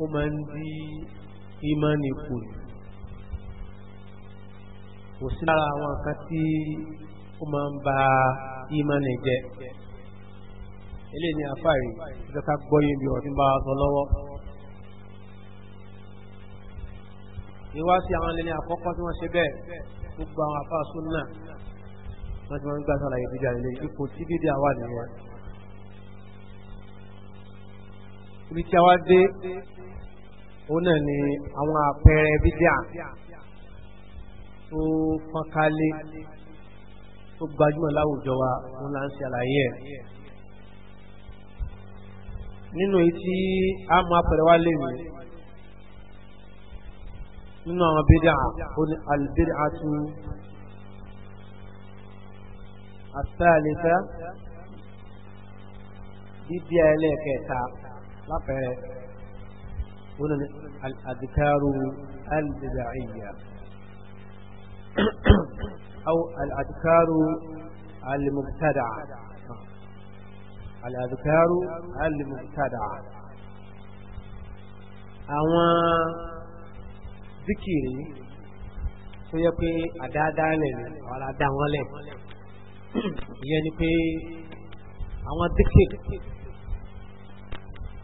ó máa ń dí ìmánì kù kò sí lára àwọn nǹkan tí ó máa ń ba ìmánì jẹ́ ilé ní afáàrí ìjọ ká gbọ́yìn bí ọdún bá sọ lọ́wọ́ ìwá sí àwọn ilé ní àkọ́kọ́ tí wọ́n ṣe bẹ́ẹ̀ gbogbo àwọn afáàsún náà wọ́n ti wọ́n gbá sàlàyé ìdíjà ilé ipò tí dídí àwà nìyẹn ibi tí a wá dé òun náà ni àwọn àpẹẹrẹ bídíà tó pọ́nkálé tó gbajúmọ̀ láwùjọ wa òun là ń ṣe àlàyé ẹ̀ nínú èyí tí a mú àpẹẹrẹ wá léwu nínú àwọn bídíà òun ni àlùbídíà tó àtàlẹ́fẹ́ bídíà ẹlẹ́ẹ̀kẹta lápẹẹrẹ wọn ni àdìkárù albidaiya aw àdìkárù alimubtada àdìkárù alimubtada àwọn zikiri tó yẹ pé àdáadáalẹ̀ ni àwọn aládá wọn ni pé àwọn zikiri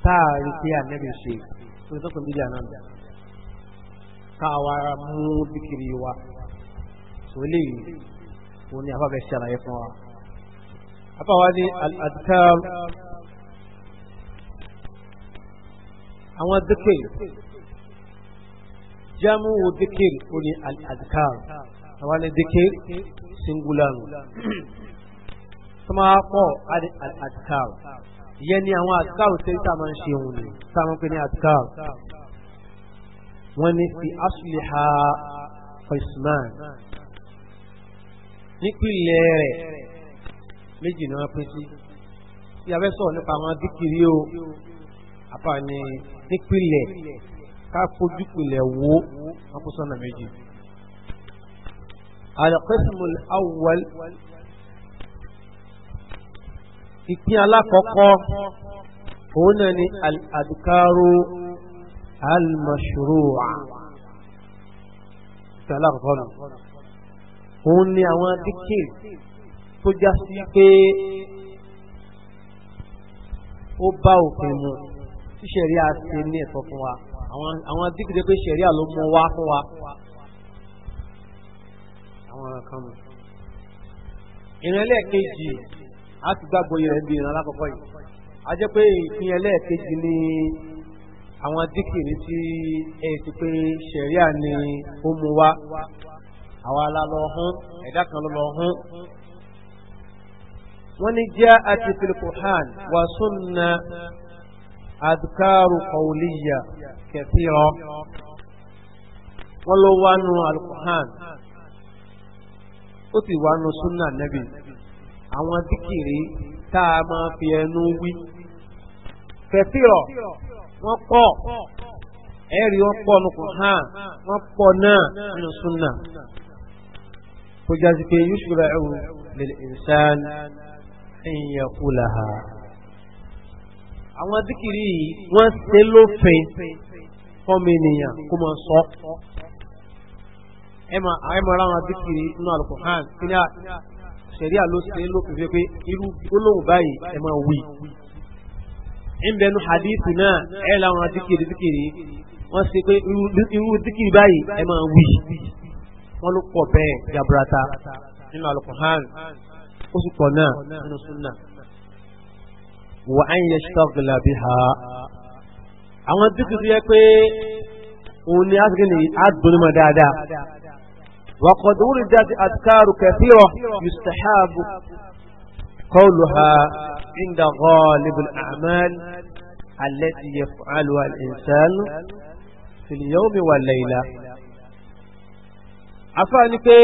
táàrí pé ànẹ́bì ṣe tó tó kùn bídíà náà káwa mú bíkiri wa tó lè yìí òun ni àfáfẹ́ ṣàlàyé fún wa àfáwa ní al-adkar àwọn dìkìr jamu dìkìr òun ni al-adkar àwọn ni dìkìr singular tó máa pọ̀ al yẹn ni àwọn àtikáàrù tẹ́rí tá a máa ń ṣe òun ni tá a máa ń pè ní àtikáàrù wọ́n ní fi asliha faisman nípìnlẹ̀ rẹ̀ méjì náà pín sí tí a fẹ́ sọ̀rọ̀ nípa àwọn adíkiri o àpàní nípìnlẹ̀ ká fojú pinlẹ̀ wo wọn kó sọ́nà méjì. al-qismul awwal ìpín alákọ̀ọ́kọ́ òun náà ni al-adkaru al-mashru'a ìpín alákọ̀ọ́kọ́ nù òun ni àwọn adíkìr tó já sí pé ó bá òfin mu tí ṣẹ̀rí àti ní ẹ̀tọ́ fún wa àwọn adíkìr tó pé ṣẹ̀rí àlọ́ mú wá fún wa àwọn kan mọ̀ ìrìnlẹ̀ kejì a ti gbàgbọ́ yẹn bí ìran alákọ̀ọ́kọ́ yìí a jẹ́ pé ìpín ẹlẹ́ẹ̀kejì ni àwọn díkìrì tí ẹ ti pé sẹ̀ríà ni ó mú wá àwa la lọ hún ẹ̀dá kan ló lọ hún wọ́n ní jẹ́ àti filikuhan wà súnna adkaru kọ̀wùlíyà kẹfìrọ wọ́n ó àwọn díkìrì tá a máa fi ẹnu wí. Fẹ̀tírọ̀ wọ́n pọ̀ ẹ̀rí wọ́n pọ̀ nukun hàn wọ́n pọ̀ náà nínú súnà. Kò jáde pé yóò ṣùgbọ́n ẹ̀rù lè ìsán ẹ̀yìn ẹ̀kú làhà. Àwọn díkìrì yìí wọ́n ṣe lófin fọ́mọ ènìyàn kó máa sẹ̀ríà ló ṣe lópin fẹ́ pé irú gbólóhùn báyìí ẹ máa wí. ìbẹ̀nu hadith náà ẹ̀ làwọn zikiri zikiri wọ́n ṣe pé irú zikiri báyìí ẹ máa wí. wọ́n ló pọ̀ bẹ́ẹ̀ jaburata nínú alukuhan ó sì pọ̀ náà nínú sunna. wà á yẹ ṣọ́gìlà bí ha. àwọn zikiri yẹ pé òun ni a ti gbé ní adùn dáadáa. وقد وردت أذكار كثيرة يستحاب قولها عند غالب الأعمال التي يفعلها الإنسان في اليوم والليلة àfáàní pé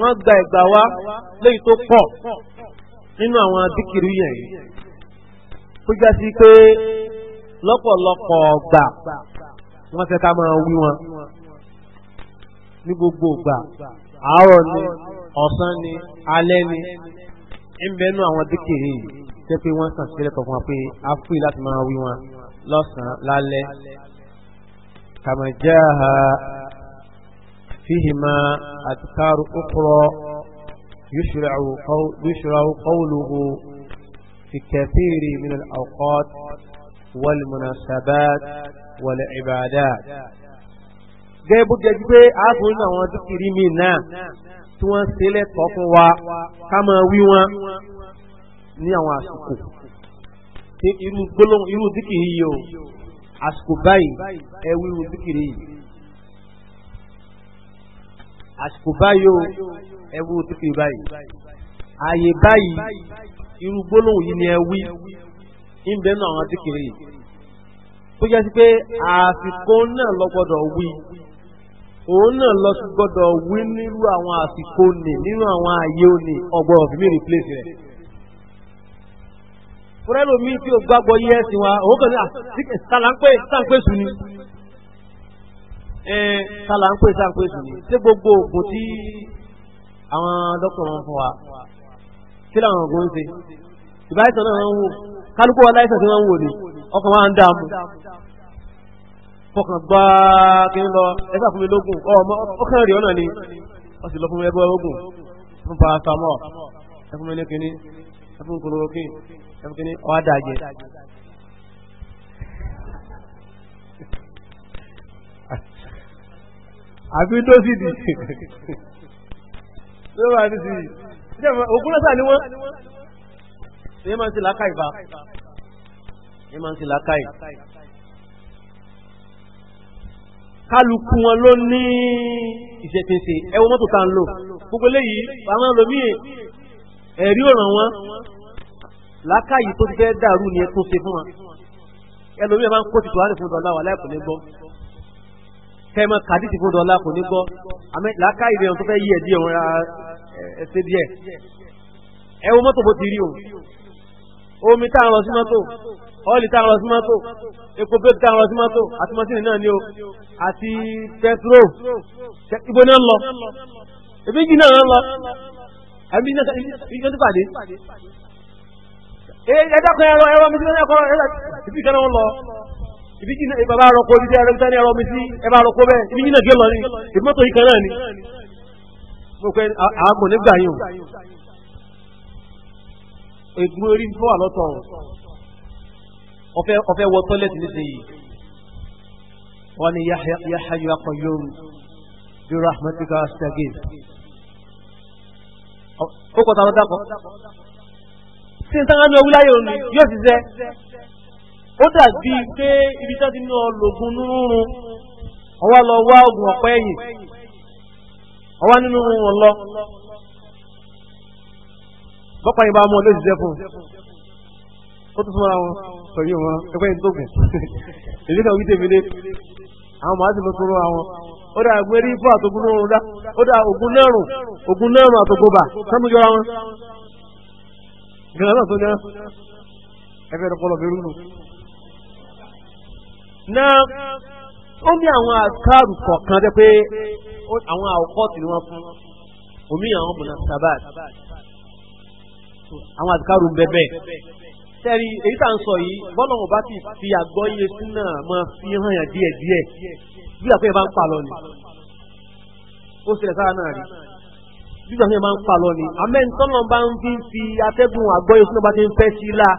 wọ́n gba ẹ̀gbà wá léyìí tó pọ̀ nínú àwọn díkìrì yẹn yìí tó já sí pé lọ́pọ̀lọpọ̀ ọgbà wọ́n fẹ́ ká máa wí wọn ní gbogbo ìgbà àárọ̀ ni ọ̀sán ni alẹ́ ni ń bẹnu àwọn díkìrì yìí jẹ́ pé wọ́n sàn sílẹ̀ kọ̀ọ̀kan pé a fúi láti máa wí wọn lọ́sàn-án lálẹ́ kàmájáha fíhìmá àtikárù ókúrọ̀ yúṣùràwù kọ́wùlùkù fi kẹfìrì min al-awqat wal munasabat wal ibadat gẹ́gẹ́ bó jẹ́ pé àáfòrò náà wọn tó kiri mí náà tí wọ́n ṣe lẹ́kọ̀ọ́ fún wa ká máa wí wọn ní àwọn àsìkò tí irú gbólóhùn irú díkìrì yìí o àsìkò báyìí ẹ wí irú díkìrì yìí àsìkò báyìí o ẹ wí irú díkìrì báyìí ààyè báyìí irú gbólóhùn yìí ni ẹ wí ń náà àwọn díkìrì yìí tó sí pé àfikún náà lọ́gbọ́dọ̀ wí. òun náà lọ sí gbọ́dọ̀ wí nírú àwọn àsìkò nì nínú àwọn ààyè òní ọgbọ́n ọ̀fìn mi replace rẹ̀. fúrẹ́lò mi tí o gbàgbọ́ yí ẹ̀sìn wa òun kàn ní sùn ni. sùn ni ṣé gbogbo òkú tí àwọn dókítà wọn fún wa kí làwọn ń ṣe ìbáyìí sọ náà wọn ń wò kálukú wa láìsàn tí fọkàn gbá kí ń lọ ẹgbà fún mi lógún ọmọ ọkàn rí ọ̀nà ni wọ́n sì lọ fún ẹgbẹ́ ogun fún paracetamol ẹfún mi ní kíní ẹfún kòlórókìn ẹfún kíní ọwá dàjẹ́ àbí tó sì dì ló wà ní sí ògùn kálukú wọn ló ní ìṣẹ̀tẹ̀sẹ̀ ẹwọ mọ́tò tá ń lò gbogbo léyìí àwọn ẹlòmíì ẹ̀rí ọ̀ràn wọn lákàyè tó ti fẹ́ dàrú ni ẹ tó ṣe fún wa ẹlòmíì máa ń kó tìtò àárẹ̀ fún dọ́là wà láì kò ní gbọ́ kẹ́mọ́ kàdísì fún dọ́là kò ní gbọ́ àmì lákàyè rẹ̀ tó fẹ́ yí ẹ̀dí ọ̀run ra ẹsẹ̀ díẹ̀ ẹwọ mọ́tò bó ti rí o omi táwọn lọ sí mọ́tò ọ́ọ̀lì táwọn ọ̀rọ̀ sí mọ́tò epo bẹ́ẹ̀ táwọn ọ̀rọ̀ sí mọ́tò àti mọ́tìnì náà ni o àti pẹtró ibo náà lọ ebi jì náà lọ àbí iṣẹ́ tó pàdé ẹjọ́ kan ẹ̀rọ ẹ̀rọ mi sí ẹ̀kọ́ ibi kan náà lọ ibi jì náà bàbá àrọ́kọ ibi tí ẹ̀rọ mi sí ẹ̀rọ mi sí ẹ̀bá àrọ́kọ bẹ́ẹ̀ ibi jì náà gé lọ ni ibi mọ́tò yìí kan náà ni mo fẹ́ àmọ̀ nígbà yìí o ègbón orí fọ́ àlọ́tọ̀ ọ̀fẹ́ wọ tọ́lẹ̀tì nísìnyí wọ́n ní ya hayyu ya qayyum bí rahmatika astagif ó kọ́ táwọn dákọ̀ tí n tán á ní ọwúlá yóò ní yóò ti zẹ́ ó dàbí pé ibi tá ní ọlọ́gun nírúurun ọwọ́ lọ wá oògùn ọ̀pẹ́ ẹ̀yìn ọwọ́ nínú wọn ó tún súnmọ́ra wọn pẹ̀lú wọn ẹgbẹ́ ìdógún èyí kan wíjẹ́ mi lé àwọn màá sì mọ́ tóró àwọn ó dà gbé rí fún àtògùn náà rúdá ó dà ògùn náà ògùn náà rùn àtògùn jọra wọn gbẹ̀rẹ̀ náà tó ní ẹgbẹ́ ìdọ́pọ̀lọ̀ bẹ̀rù nù. náà ó ní àwọn kọ̀ọ̀kan jẹ́ pé àwọn àwòkọ́ọ̀tì ni wọ́n fún omi àwọn na sábàd àwọn àkàrù bẹ́ẹ̀ bẹ́ẹ̀ sẹ́rí èyí tá à ń sọ yìí bọ́lọ̀ ò bá ti fi àgbọ́ iye sí náà máa fi hàn yàn díẹ̀ díẹ̀ bí àpẹẹrẹ bá ń pa lọ ni ó ṣẹlẹ̀ sára náà rí bí àpẹẹrẹ bá ń pa lọ ni amẹ́ntọ́nà bá ń fi fi atẹ́gùn àgbọ́ iye sí náà bá ti ń fẹ́ sí la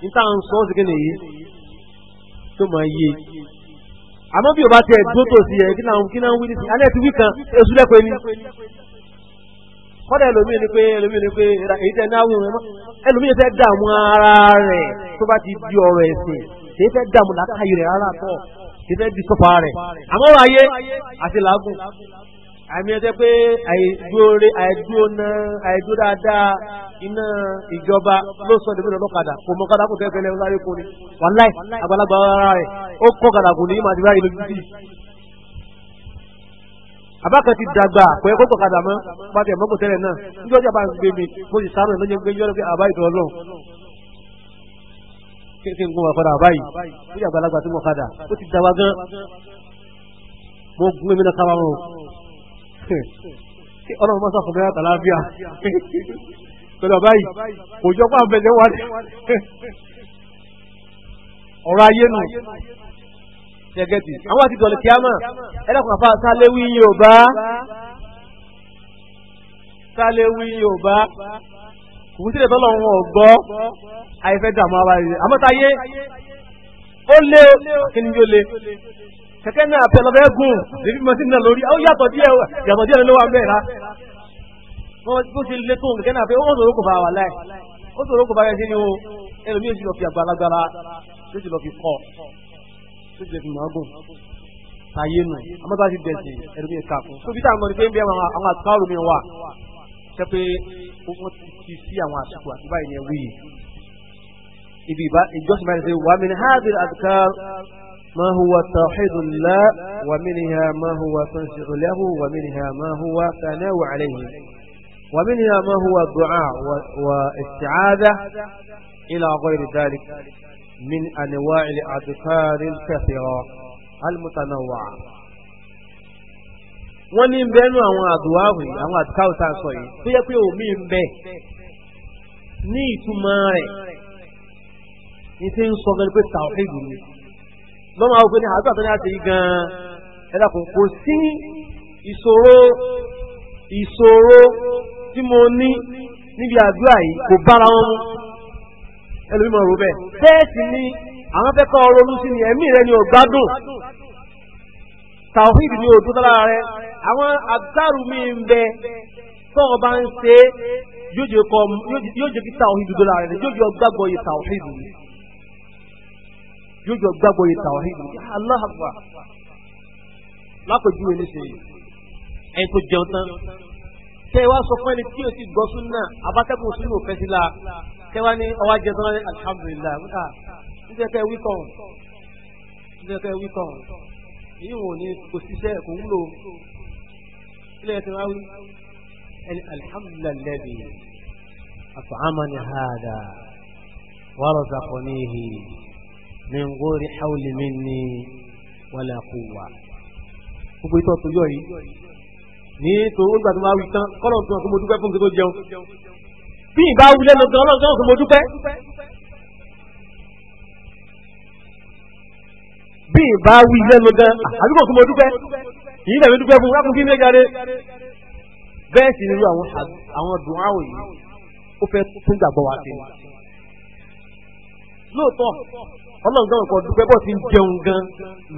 ní tá ń sọ ọ́ sìkè nìyí tó máa yé àmọ́ bí o bá tiẹ̀ dótò sí ẹ kí náà wí ní sí alẹ́ ti wí kan èṣù lẹ́kọ̀ọ́ ni. kọ́dà ẹlòmíì ni pé ẹlòmíì ni pé èyí tẹ́ náà wùn ẹmọ́ ẹlòmíì fẹ́ dààmú ara rẹ̀ tó ti di ọ̀rọ̀ ẹ̀sìn èyí fẹ́ dààmú látàyè rẹ̀ rárá tọ̀ èyí fẹ́ di sọ́fà rẹ̀ àmọ́ ayé àti làágùn àmì ẹ̀jẹ̀ pé àìdúore àìdúona àìdú iná ìjọba ló sọ ẹ̀dẹ̀mí kò mọ kò kò ní wàláì àgbàlagbà ara rẹ̀ ó kọ́ ní lójú abákan ti dàgbà pé kókò kadà mọ́ bá ti ẹ̀ mọ́kò tẹ́lẹ̀ náà níjọ́ tí a bá ń gbé mi mo sì sáré lóye gbé yọ́rọ́ pé àbá ìtọ́ ọlọ́run kéèké ń gún wa padà àbá yìí ó yà gbàlagbà tí mo kadà ó ti dàgbà gan mo gún mi náà kábà wọn ọlọ́run mọ́sá fún mi láti àlàáfíà pẹ̀lú àbá yìí kò jọ pàǹfẹ̀lẹ́ wa ọ̀rọ̀ ayé nù ṣẹgẹ́tì àwọn àti dọ̀lẹ̀ kíámà ẹlẹ́kùn àfa sáléwí yorùbá sáléwí yorùbá kùkú sílẹ̀ tọ́lọ̀ wọn ò gbọ́ àìfẹ́ dààmú ara rẹ̀ àmọ́tayé ó lé kíni yóò lé kẹ̀kẹ́ náà pẹ̀lọ́fẹ́ gùn èyí mọ̀ sí náà lórí ó yàtọ̀ díẹ̀ yàtọ̀ díẹ̀ ló wà mẹ́ra bó ti lé tó kẹ̀kẹ́ náà pé ó sọ̀rọ̀ kò bá wà láì ó sọ̀rọ̀ kò bá yẹ sí ni ó ẹlòmíì sì lọ fi àgbàlagbàla ló sì lọ fi kọ́ tó jẹ́ fi máa gùn táyé nù amọ́tò àti dẹ̀sìn ẹ̀rọ mi kà kún. tó fi táwọn ọmọdé pé ń bí àwọn àtúbárò mi wà ṣe pé wọ́n ti sí àwọn àsìkò àti báyìí yẹn wíyì. ibi ìbá ìjọsìn báyìí ṣe wà mí hábìl adkar ma huwa tawhidu lillah wa minha ma huwa tansiru lahu wa minha ma من أنواع الأذكار الكثيرة المتنوعة wọ́n ní bẹ́ẹ̀nu àwọn àdùáwì àwọn àdùkáwì tá a sọ yìí tó yẹ pé omi ń bẹ ní ìtumọ̀ rẹ̀ ní ti ń sọ gan pé tàwọ́hídù ni lọ́mọ àwọn òfin ní àdúrà tó ní àti yìí gan-an ẹ̀dá kò kò sí ìṣòro ìṣòro tí mo ní níbi àdúrà yìí kò bára wọn mu ẹlòmí mọ̀ rò bẹ́ẹ̀ bẹ́ẹ̀ ni àwọn fẹ́ kọ́ ọrọ̀ ni ẹ̀mí rẹ ni ò gbádùn tàwíìdì ni ò dúdọ́ lára rẹ àwọn àgbàrù mi ń bẹ tọ́wọ́ bá ń ṣe yóò jẹ́ kí tàwíìdì dúdọ́ lára rẹ yóò jẹ́ gbàgbọ́ yìí tàwíìdì yóò jẹ́ gbàgbọ́ yìí tàwíìdì Allahu Akbar lápèjúwe ní ṣe ẹ̀ tó jẹun tán tẹ́ wá sọ fún ẹni tí o ti gbọ́ sún náà abátẹ́kùn sínú òfẹ́ sí la kẹwàá ní ọwọ́ ajẹ́ tó rẹ́ alhamdulillah níta níjẹ́kẹ́ ah, wíkọ̀n níjẹ́kẹ́ wíkọ̀n èyí wò ní kò síṣẹ́ kò wúlò ilé ẹ̀ tó wá wí ẹni alhamdulillah lẹ́bi àfàámánì hàdà warazaqanihi min ghayri hawli minni wala quwwa gbogbo ìtọ́ tó yọ yìí ní tó gbàdúrà wí tán kọ́lọ̀ tó wọn kó mo dúpẹ́ fún kí tó jẹun bí ìbá wulẹ̀ lọ gan ọlọ́run tó ń mo dúpẹ́. bí ìbá wulẹ̀ lọ gan àbí kò tó mo dúpẹ́ yìí lẹ́mi dúpẹ́ fún lákùnkí ní ẹja rẹ. bẹ́ẹ̀ sì ni irú àwọn àwọn dùn áwò yìí ó fẹ́ tún gbàgbọ́ wa sí i. lóòótọ́ ọlọ́run gan kan dúpẹ́ bọ́ ti ń jẹun gan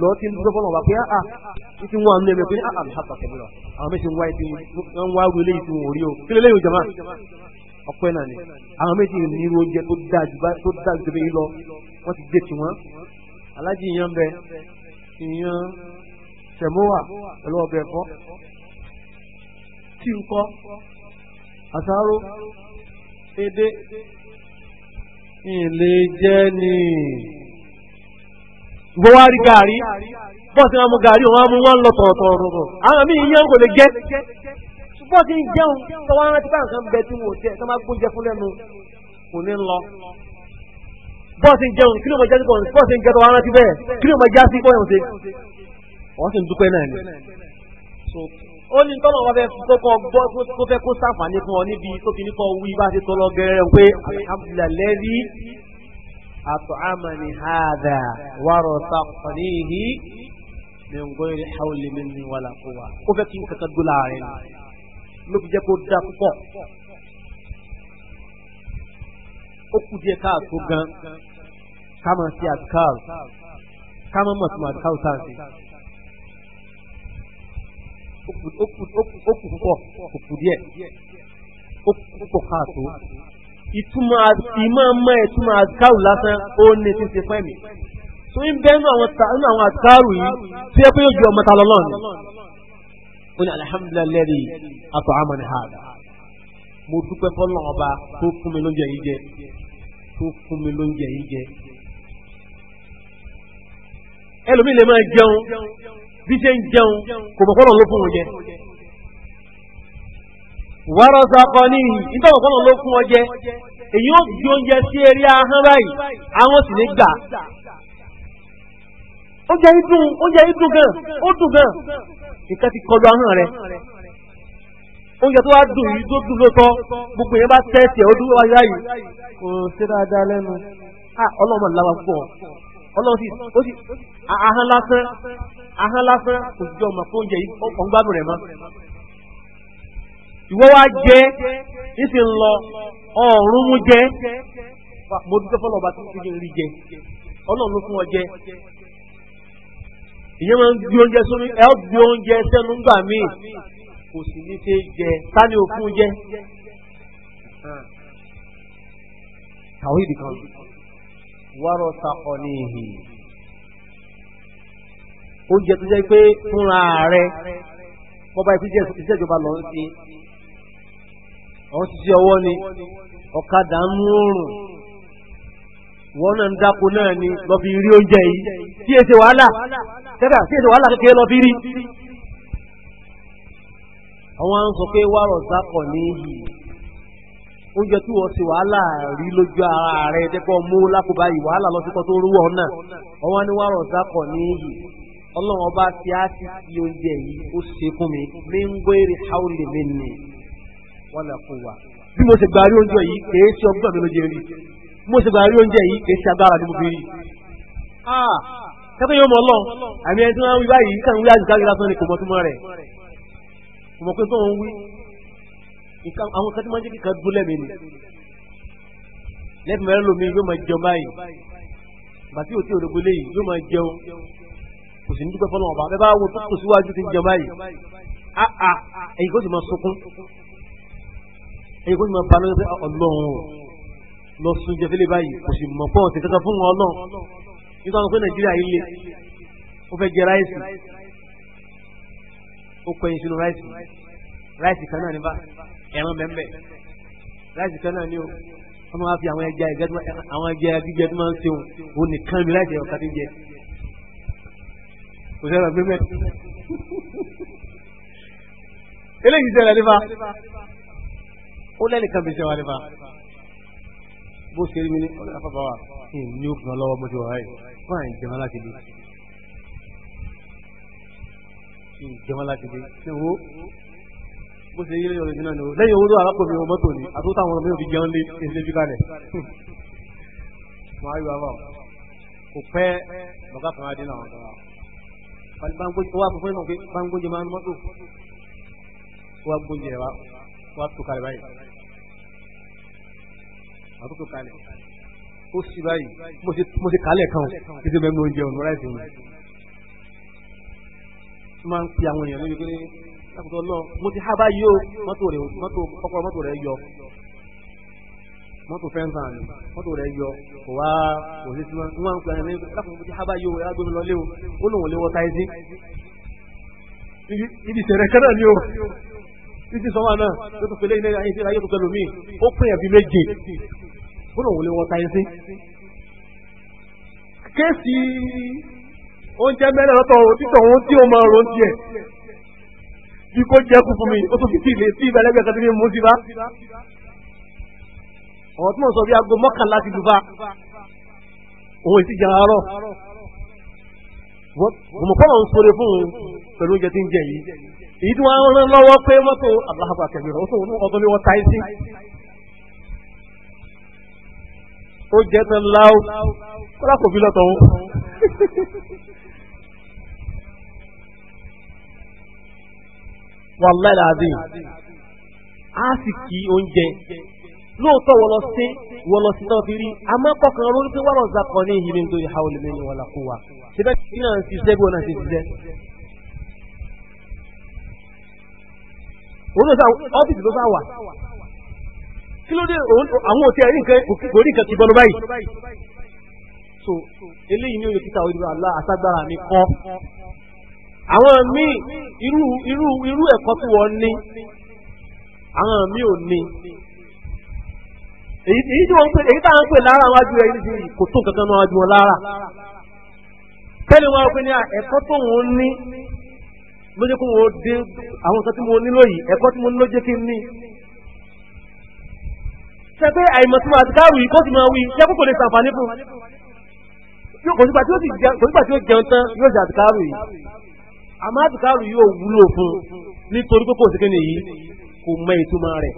lọ ti ń dúpẹ́ fọlọ́wà pé àà ní ti wọn àmì ẹ̀mẹ́ pé àà àbí àpàtẹ̀ mi lọ àwọn méjì ń wá ibi wọn wá wọlé ìtumọ̀ orí o kí lélẹ́yìn o jama ọpẹ́ náà ni àwọn méjì nírú oúnjẹ tó tó dáa jù bẹ́ẹ̀ lọ wọ́n ti dé tiwọn alájí ìyàn bẹ ìyàn pẹ̀lú ọbẹ̀ ẹ̀fọ́ tí ń kọ́ àsáró ìlè jẹ́ ni gbogbo wa wọn mú gàrí wọn mú wọn lọ tọ̀rọ̀tọ̀rọ̀ àwọn míì bọ́ ti ń jẹun tọwọ́ rántí pé nǹkan bẹ tí wọn ò jẹ tó máa gbóúnjẹ fún lẹ́nu kò ní lọ. bọ́ ti ń jẹun kí ló máa jásí bọ́ọ̀lù bọ́ ti ń jẹ tọwọ́ rántí bẹ́ẹ̀ kí ló máa jásí bọ́ọ̀lù ṣe. wọ́n sì ń dúpẹ́ náà ni. ó ní tọ́lọ̀ wọn fẹ́ tó kọ́ gbọ́ tó fẹ́ kó sàǹfààní fún ọ níbi tó fi ní kọ́ wí bá ti tọ́lọ gẹ́rẹ́ pé ó fẹ́ kí n kankan dúró láàrin ló fi jẹ́ kó da púpọ̀ ó kù díẹ̀ káàtó gan ká máa ṣe àdìkáàrò ká máa mọ̀ sí máa àdìkáàrò tá à ń ṣe ó kù púpọ̀ kò kù díẹ̀ ó kù púpọ̀ káàtó ìtumọ̀ ìmọ̀ mọ́ ìtumọ̀ àdìkáàrò lásán ó ní ti ṣe fẹ́mi tó ń bẹ́ẹ̀ nínú àwọn àdìkáàrò yìí tó yẹ pé yóò ju ọmọ ta lọ́lọ́ọ̀ni. ona ní alihamudulilayi lẹ́rí amani ha mo dúpẹ́ fọlọ́n tó fún mi lóúnjẹ yìí jẹ tó fún mi lóúnjẹ yìí jẹ. ẹlòmíì lè máa jẹun bí ṣe ń jẹun kò mọ̀ fọlọ́n ló fún wọn jẹ. wàrọ̀sà kan ní ìtọ́wọ̀ fọlọ́n ló fún wọn jẹ èyí ó di oúnjẹ sí eré ahọ́n báyìí àwọn sì nǹkan ti kọlu ahọ́n rẹ oúnjẹ tó wá dùn yìí tó dùn lóòótọ́ gbogbo yẹn bá tẹ́sí ẹ̀ ó dúró wáyé ayé kò ṣe dáadáa lẹ́nu ah, ọlọ́mọ làwọn púpọ̀ ọlọ́run sì ó sì lásán lásán kò jọ ọmọ fún oúnjẹ yìí gbádùn rẹ̀ mọ́. wa ìsì ń lọ ọ̀run mú mo dúpẹ́ tó ń fi ọlọ́run fún ọ ìyẹn máa ń gbé oúnjẹ sórí ẹ ó gbé oúnjẹ sẹ́nu ńgbà míì kò sì ní ṣe jẹ sani òkun jẹ tàwíìdì kan wárọ̀ sakọ ní ìhì oúnjẹ tó jẹ́ pé fúnra rẹ bọ́bá ìṣèjọba lọ sí ọ̀hún ti ṣe ọwọ́ ni ọ̀kadà ń mú oòrùn. wọ́n náà ń náà ni lọ fi rí oúnjẹ yìí tí èsè wàhálà kẹta tí èsè lọ fi rí. àwọn à ń sọ ní yìí oúnjẹ tí wọ́n ti wàhálà rí lójú ara rẹ̀ dẹ́kọ̀ mú lákòbá yìí wàhálà lọ́síkọ́ tó rúwọ́ náà àwọn ọlọ́run ọba ti á ti fi oúnjẹ yìí ó ṣe fún mi mi wa bí mo oúnjẹ yìí kèé ṣe ọgbọ́n mi rí. mo sì gbà rí oúnjẹ yìí kì í ṣe agbára ni mo fi rí ah, kẹ́kọ̀ọ́ yóò mọ̀ ọ́ lọ àmì ẹni tí wọ́n wí báyìí kàn wí àjùkárí lásán ni kò mọ̀ tó mọ̀ rẹ̀ kò mọ̀ pé tó ń wí àwọn kan tí wọ́n jẹ́ kíkan dún lẹ́mìí ni lẹ́fìn mẹ́rin lomi yóò máa jẹun báyìí bàtí òtí òdògbò léyìí yóò máa jẹun kò sì ní dúpẹ́ fọlọ́wọ́n bá bẹ́ẹ̀ bá wo tó kù síwájú ti ń jẹun báyìí àà ah, èyí ah, kò sì lọ sún jẹ fẹlẹ báyìí kò sì mọ̀ pọ̀ tẹ̀tẹ̀ fún wọn náà nígbà wọn pé nàìjíríà yìí le ó fẹ́ jẹ ráìsì ó kọyìn sínú ráìsì ráìsì kan náà ní bá ẹran mẹ́mbẹ́ ráìsì kan náà ní o wọ́n máa fi àwọn ẹja ẹja àwọn ẹja gbígbẹ tó máa ń seun òun nìkan ní ráìsì ọ̀ka tó jẹ kò sẹ́yìn ọ̀gbẹ́ eléyìí sẹ́yìn ọ̀dẹ́fà ó lẹ́nìkan fi sẹ́yìn ọ̀dẹ́fà bó ṣe rí mi ní ọ̀dọ̀ afọ́fà wa ní ó fún ọ lọ́wọ́ mo ti wà báyìí fún àyìn jẹun láti dé jẹun láti dé ṣé wo bó ṣe yílẹ̀ ọ̀rọ̀ ìdínà ni o lẹ́yìn owó tó arákùnrin ọmọ mọ́tò ni àtúntò àwọn ọmọ mi ò fi jẹun lé èsì lójú kalẹ̀ wọn á yọ àwọn kò wa tó kalẹ̀ báyìí àkókò kalẹ̀ ó sì báyìí mo ti kalẹ̀ kan títí bẹ́ẹ̀ mo jẹun mo láìsí máa ń pe àwọn èèyàn níbi pé lákòótọ́ náà mo ti há báyìí o mọ́tò rẹ̀ mọ́tò mọ́tò rẹ̀ yọ mọ́tò fẹ́ǹsà ni mọ́tò rẹ̀ yọ kò wá kò sí sí wọn wọn ń pe àwọn èèyàn lákòótọ́ mo ti há báyìí o ẹ̀rọ gbẹmí lọ lé ó lóun ò lé wọ ibi ìṣẹ̀rẹ̀ kẹ́rẹ̀ ni o títí sọ́wọ́ náà yóò tún fi lé ó lòun lè wọ́n ta ẹsẹ̀ kéèsì oúnjẹ mẹ́rin lọ́tọ̀ títọ̀ òun tí ó máa ròó tiẹ̀ bí kò jẹ́ kú mi ó tún fi tí ilé tí ìbẹ̀lẹ́gbẹ̀ kan tó ní mú sí bá ọ̀rọ̀ tí mo sọ bí aago mọ́kànlá oúnjẹ tí ń jẹ yìí èyí tí wọ́n ó jẹ́ tán láó kọ́lá kò fi lọ́tọ̀ ó. wàláì a sì kí oúnjẹ lóòótọ́ wọ́n lọ sí wọ́n lọ sí náà fi rí àmọ́ kọkàn lórí pé wọ́n lọ zakọ̀ ní ìhìnrìn tó ìhà olùmí ni wọ́n là kó wa síbẹ̀ kí náà ń ṣiṣẹ́ bí wọ́n náà ṣe ṣiṣẹ́. òun ló sá ọ́fíìsì ló sá wà kí ló dé àwọn òtí ẹ̀rí nǹkan nǹkan ti bọ́nu báyìí. so eléyìí ní olùkíta òdìbò àlá àságbára mi kọ́ àwọn míì irú irú ẹ̀kọ́ tí wọ́n ní àwọn míì ò ní èyí tí wọ́n pè èyí táwọn pè lára wájú rẹ̀ yìí kò tó nǹkan kan náà wọn lára tẹ́lẹ̀ mo ní lóyìí mo ní ló jẹ́ ṣe pé àìmọ̀túnmọ̀ àti káwì kó sì máa wí ṣe kókò lè sàǹfààní fún kò sígbà tí ó jẹun tán yóò ṣe àti káwì àmọ́ àti káwì yóò wúlò fún nítorí pé kò sí kíni yìí kò mọ ìtumọ̀ rẹ̀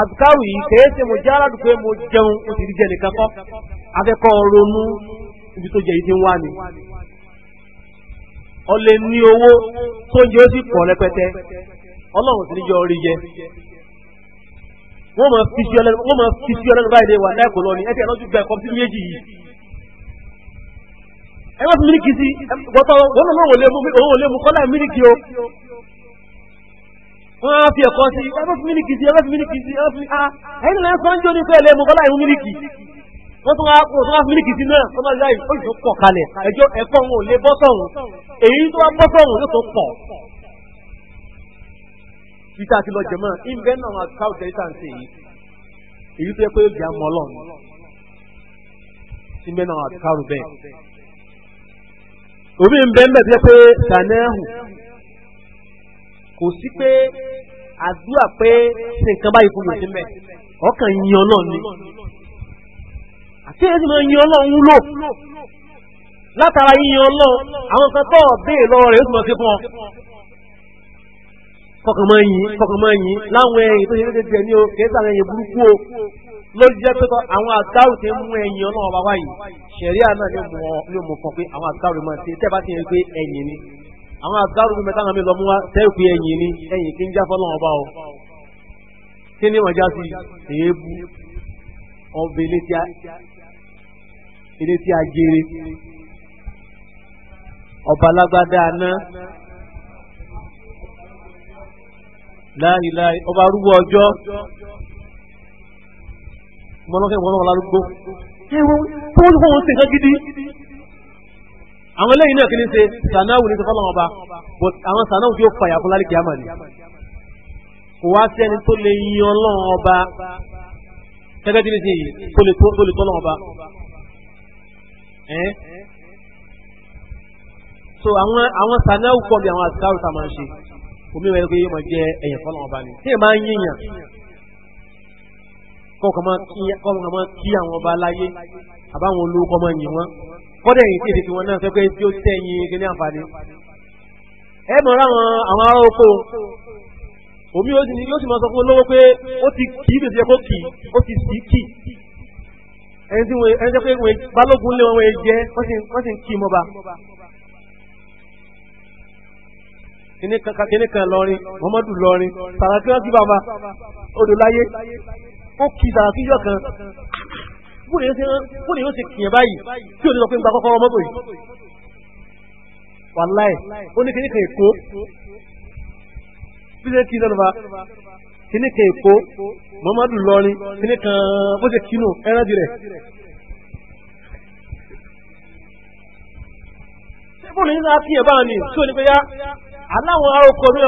àti káwì yìí kèé ṣe mo já aládùúgbò mo jẹun ó sì rí nìkan kọ́ afẹ́kọ́ ronú ibi tó jẹ ìdí wá ni ọlẹ́ ní owó tó ń jẹ́ ó sì pọ̀ rẹpẹtẹ ọlọ́run sì níjọ́ orí jẹ wọ́n máa fi sí ọlẹ́nu wọ́n máa fi sí ọlẹ́nu báyìí wà láìpẹ́ lọ ni ẹ̀tẹ̀ lọ́jú gba ẹ̀kọ́ sí méjì yìí. ẹ má fi mílíkì sí gbọ́tọ̀ wọn náà wò lé mu òun ò lé mu kọ́lá mílíkì o. wọ́n á fi ẹ̀kọ́ sí ẹ má fi mílíkì sí ẹ má fi mílíkì sí ẹ má fi a ah, ẹ̀yin náà sọ́njọ́ ní pé ẹ lé mu kọ́lá ìmú mílíkì. wọ́n tún wá wọ́n tún wá mílíkì sí náà wọ́n máa yá ìfọ̀yìí tó pọ̀ kalẹ̀ ẹjọ́ ẹ̀kọ́ wọn ibi tá a ti lọ jẹ̀mọ́ ìbẹ́ náà wọn ká òjẹ́ ìta ń ṣe yìí èyí tó yẹ pé yóò jẹ́ àmọ́ ọlọ́run ìbẹ́ náà wọn ká òjẹ́ bẹ́ẹ̀. òbí ń bẹ́ẹ̀ bẹ́ẹ̀ tó yẹ pé sànẹ́hù kò sí pé àdúrà pé ṣe nǹkan báyìí fún mi sí mẹ́ ọkàn yin ọlọ́run ni àti èyí máa yin ọlọ́run wúlò látara yin ọlọ́run àwọn kan tó ọ̀ bẹ́ẹ̀ lọ́wọ́ rẹ̀ yóò sì máa ṣe fún ọ fọkànmọ́ yìí fọkànmọ́ yìí láwọn ẹ̀yìn tó ṣe dédé díẹ̀ ní o kìí sàn ẹ̀yìn burúkú o ló jẹ́ pé àwọn àdáwò ti mú ẹ̀yìn ọlọ́run ọba wáyìí ṣẹ̀ríà náà ni mo kàn pé àwọn àdáwò máa ṣe tẹ́ bá ti yẹn pé ẹ̀yìn ni àwọn àdáwò mi mẹ́ta náà mi lọ mú wa tẹ́ pé ẹ̀yìn ni ẹ̀yìn kí ń já fọ́lọ́run ọba o kí ni wọ́n já sí èébú ọbẹ̀ ilé tí a jèrè ọba lágbádá náà láìláì ọba arúgbó ọjọ́ mọ́lọ́kẹ́ mọ́lọ́kọ́ lárúgbó ẹwọ́n tó wọ́n tó wọ́n ṣe nǹkan gidi àwọn eléyìí náà kì ní ṣe sànáwù ní sọfọ́lọ́ ọba but àwọn sànáwù tí ó fàyà fún lálẹ́ kìámà ni kò wá sí ẹni tó lè yan ọlọ́run ọba gẹ́gẹ́ bí ní ṣe yìí tó lè tọ́ ọlọ́run ọba so àwọn sànáwù pọ̀ bí àwọn àṣìkáwù tá a máa ń ṣe omi wẹ́n pé yóò máa jẹ́ ẹ̀yìn fọ́lọ́wọ́n bá ní. tí ì máa ń yíyàn kọ́kọ́ máa kí àwọn ọba láyé àbáwọn olówó máa yìn wọ́n kọ́dẹ̀ yìí kéde tiwọn náà sẹ́pẹ́ tí ó tẹ̀yìn kíní àǹfààní. ẹ mọ̀ ráwọn àwọn ará oko omi yóò sì máa sọ fún olówó pé ó ti kì í bèbí ẹkọ kì í ó ti sì kì í ẹni tí wọn ẹni tí wọn balógun lé wọn wọn jẹ wọn sì ń kì í mọba. kíní kan lọrin Muhammadu lọrin Sàràkí wọn kí bàbá odò láyé ó kì í Sàràkí yọ kan bóde yóò ṣe kìyàn báyìí tí ò ní sọ pé ń gba kọ́kọ́rọ́ mọ́tò yìí wàláì ó ní kíní kan èkó bí ṣe kí lọ́nà bá kíní kan èkó Muhammadu lọrin kíní kan bó ṣe kínú ẹran jìrẹ̀ bóde yóò ṣe kìyàn báyìí tí ò ní pé yá aláwọn arọkọ mi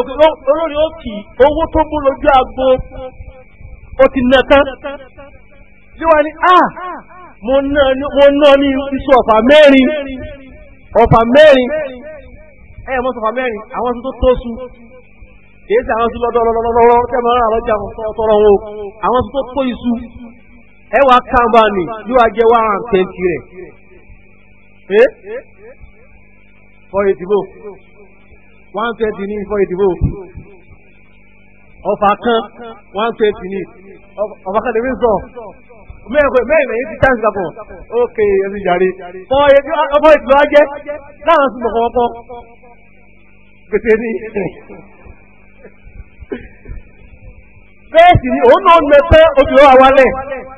olórí ó kì owó tó mú lójú agbo ó ti nà tán yíwá ni a ah, mo ná ní iṣu ọ̀fà mẹ́rin ọ̀fà mẹ́rin ẹ̀ mọ́ sọ̀fà mẹ́rin àwọn tó tó su kìí sí àwọn tó lọ́dọ̀ lọ́lọ́lọ́lọ́ tẹ́mọ̀ ara lọ́jà tọrọ wọn àwọn tó tó iṣu ẹwà kàmbánì yóò wá jẹ́ wàhán tẹ́ǹtì rẹ̀ ẹ́ fọ́ ètìbò one twenty ní ìfọ ìdìbò ọfà kan one twenty ní ọfà kan lèmi sọ mẹ́rin mẹ́rin lẹ́yìn ti chance dapò ok ẹni jàre fọ ẹni ọfọ ìdìbò ajẹ láwọn sì mọ̀kọ́ ọkọ gbèsè ní bẹ́ẹ̀sì ni òun náà mẹ pé obìnrin wa wálẹ̀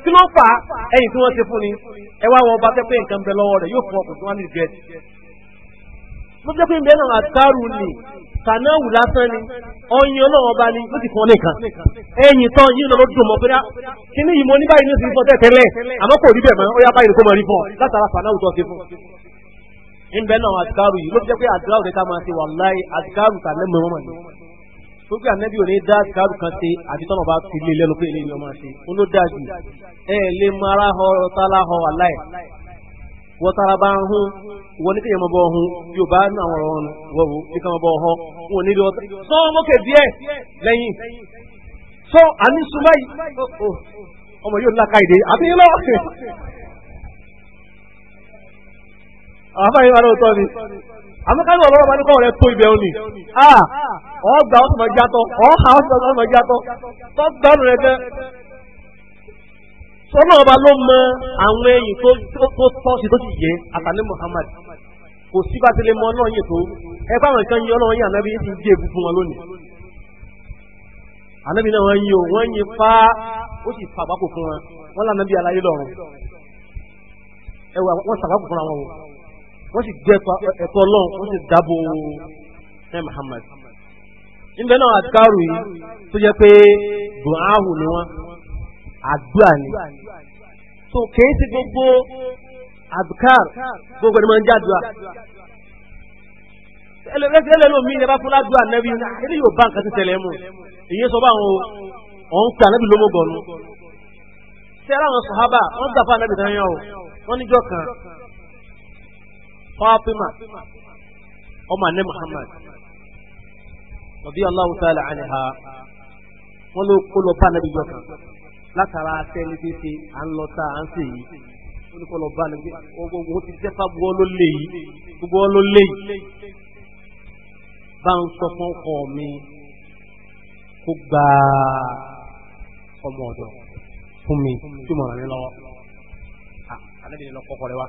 kí ló fà á ẹ̀yìn tí wọ́n ti fún ni ẹ wá wọn bá fẹ́ pé nǹkan bẹ lọ́wọ́ rẹ̀ yóò fún ọkùnrin tí wọ́n ní ìdírẹ́sì ló jẹ́ pé ń bẹ́ẹ̀ náà àtàrù ni kànáàwù lásán ni ọyìn ọlọ́wọ́ bá ní ló ti fún ọ nìkan ẹ̀yìn tán yìí lọ́dún dùn mọ́ pé kíní yìí mo ní báyìí ní ìsìn fún tẹ́tẹ́lẹ̀ àmọ́ kò rí bẹ́ẹ̀ mọ́ ó yá báyìí kó mọ̀ rí fún ọ látara kànáàwù tó ṣe fún ń bẹ́ẹ̀ náà àtàrù yìí ló jẹ́ pé àtàrù rẹ̀ ká máa ṣe wàláì àtàrù kà lẹ́mọ̀ wọn ni gbogbo ànẹ́bí òní dá àtàrù kan ṣe àti tọ́nà bá ti lẹ́nu pé eléyìí ọmọ ṣe ó ló dáa ẹ lè mara ọ tálá ọ wàláì wọ́n tara bá ń hún wọ́n ní kéèyàn mọ́bọ́ ọ̀hún yóò bá ní àwọn ọ̀rọ̀ wọ́wọ́ ní ká mọ́bọ́ ọ̀họ́ wọn ní lọ́tọ́ sọ mọ́kè díẹ̀ lẹ́yìn sọ àní súnmọ́ yìí oh, oh. ọmọ yóò láka ìdè àti yín lọ́wọ́ kẹ́ ni àmọ́ ká ní wọ́n lọ́wọ́ tó ibẹ̀ òní ah, ọgbà ọ̀sùnmọ̀ jàtọ̀ ọ̀hà ọ̀sùnmọ̀ jàtọ̀ tọ́ sọ́nà ọba ló mọ àwọn ẹ̀yìn tó tọ́ sí tó sì yẹ àtàlẹ́ Muhammad kò sí bá tilẹ̀ mọ ọlọ́run yìí tó ẹ fáwọn nǹkan yín ọlọ́run yìí ànábì ti dé egungun wọn lónìí ànábì náà wọ́n yìí o wọ́n yìí fá ó sì fà bákò fún wọn wọ́n lànàbí aláyé lọ́rùn ẹ wà wọ́n sàbákò fún wọn wọ́n sì gbé ẹ̀tọ́ ọlọ́run wọ́n sì dábò ẹ Muhammad níbẹ̀ náà àtikárù yìí tó jẹ́ pé dùn áhù ni wọ́n. àdúrà ni so kìí gbogbo gbogbo ni máa ń jẹ́ àdúrà ẹlẹ́sìn ẹlẹ́lómi fún ládùúrà nẹ́bí ẹni yóò bá nǹkan ti tẹ̀lé ìyẹn sọ báwọn ọ̀hún pé ànábì ló mọ̀ gọ̀ọ̀nù tí ara àwọn sàhábà wọ́n gbà fún yàn kan ọmọ àná Muhammad ta'ala ló kó lọ jọ látara sẹ́ni à ń lọ tá à ń sè yìí ó ní kọ́ lọ bá ní pé gbogbo ó ti jẹ́pá gbogbo ló lé yìí gbogbo ló lé yìí bá ń sọ fún ọkọ mi kó gba ọmọ ọ̀dọ̀ fún mi tí mo ràn mí lọ́wọ́ alẹ́ nìyẹn lọ kọ́kọ́ rẹ wá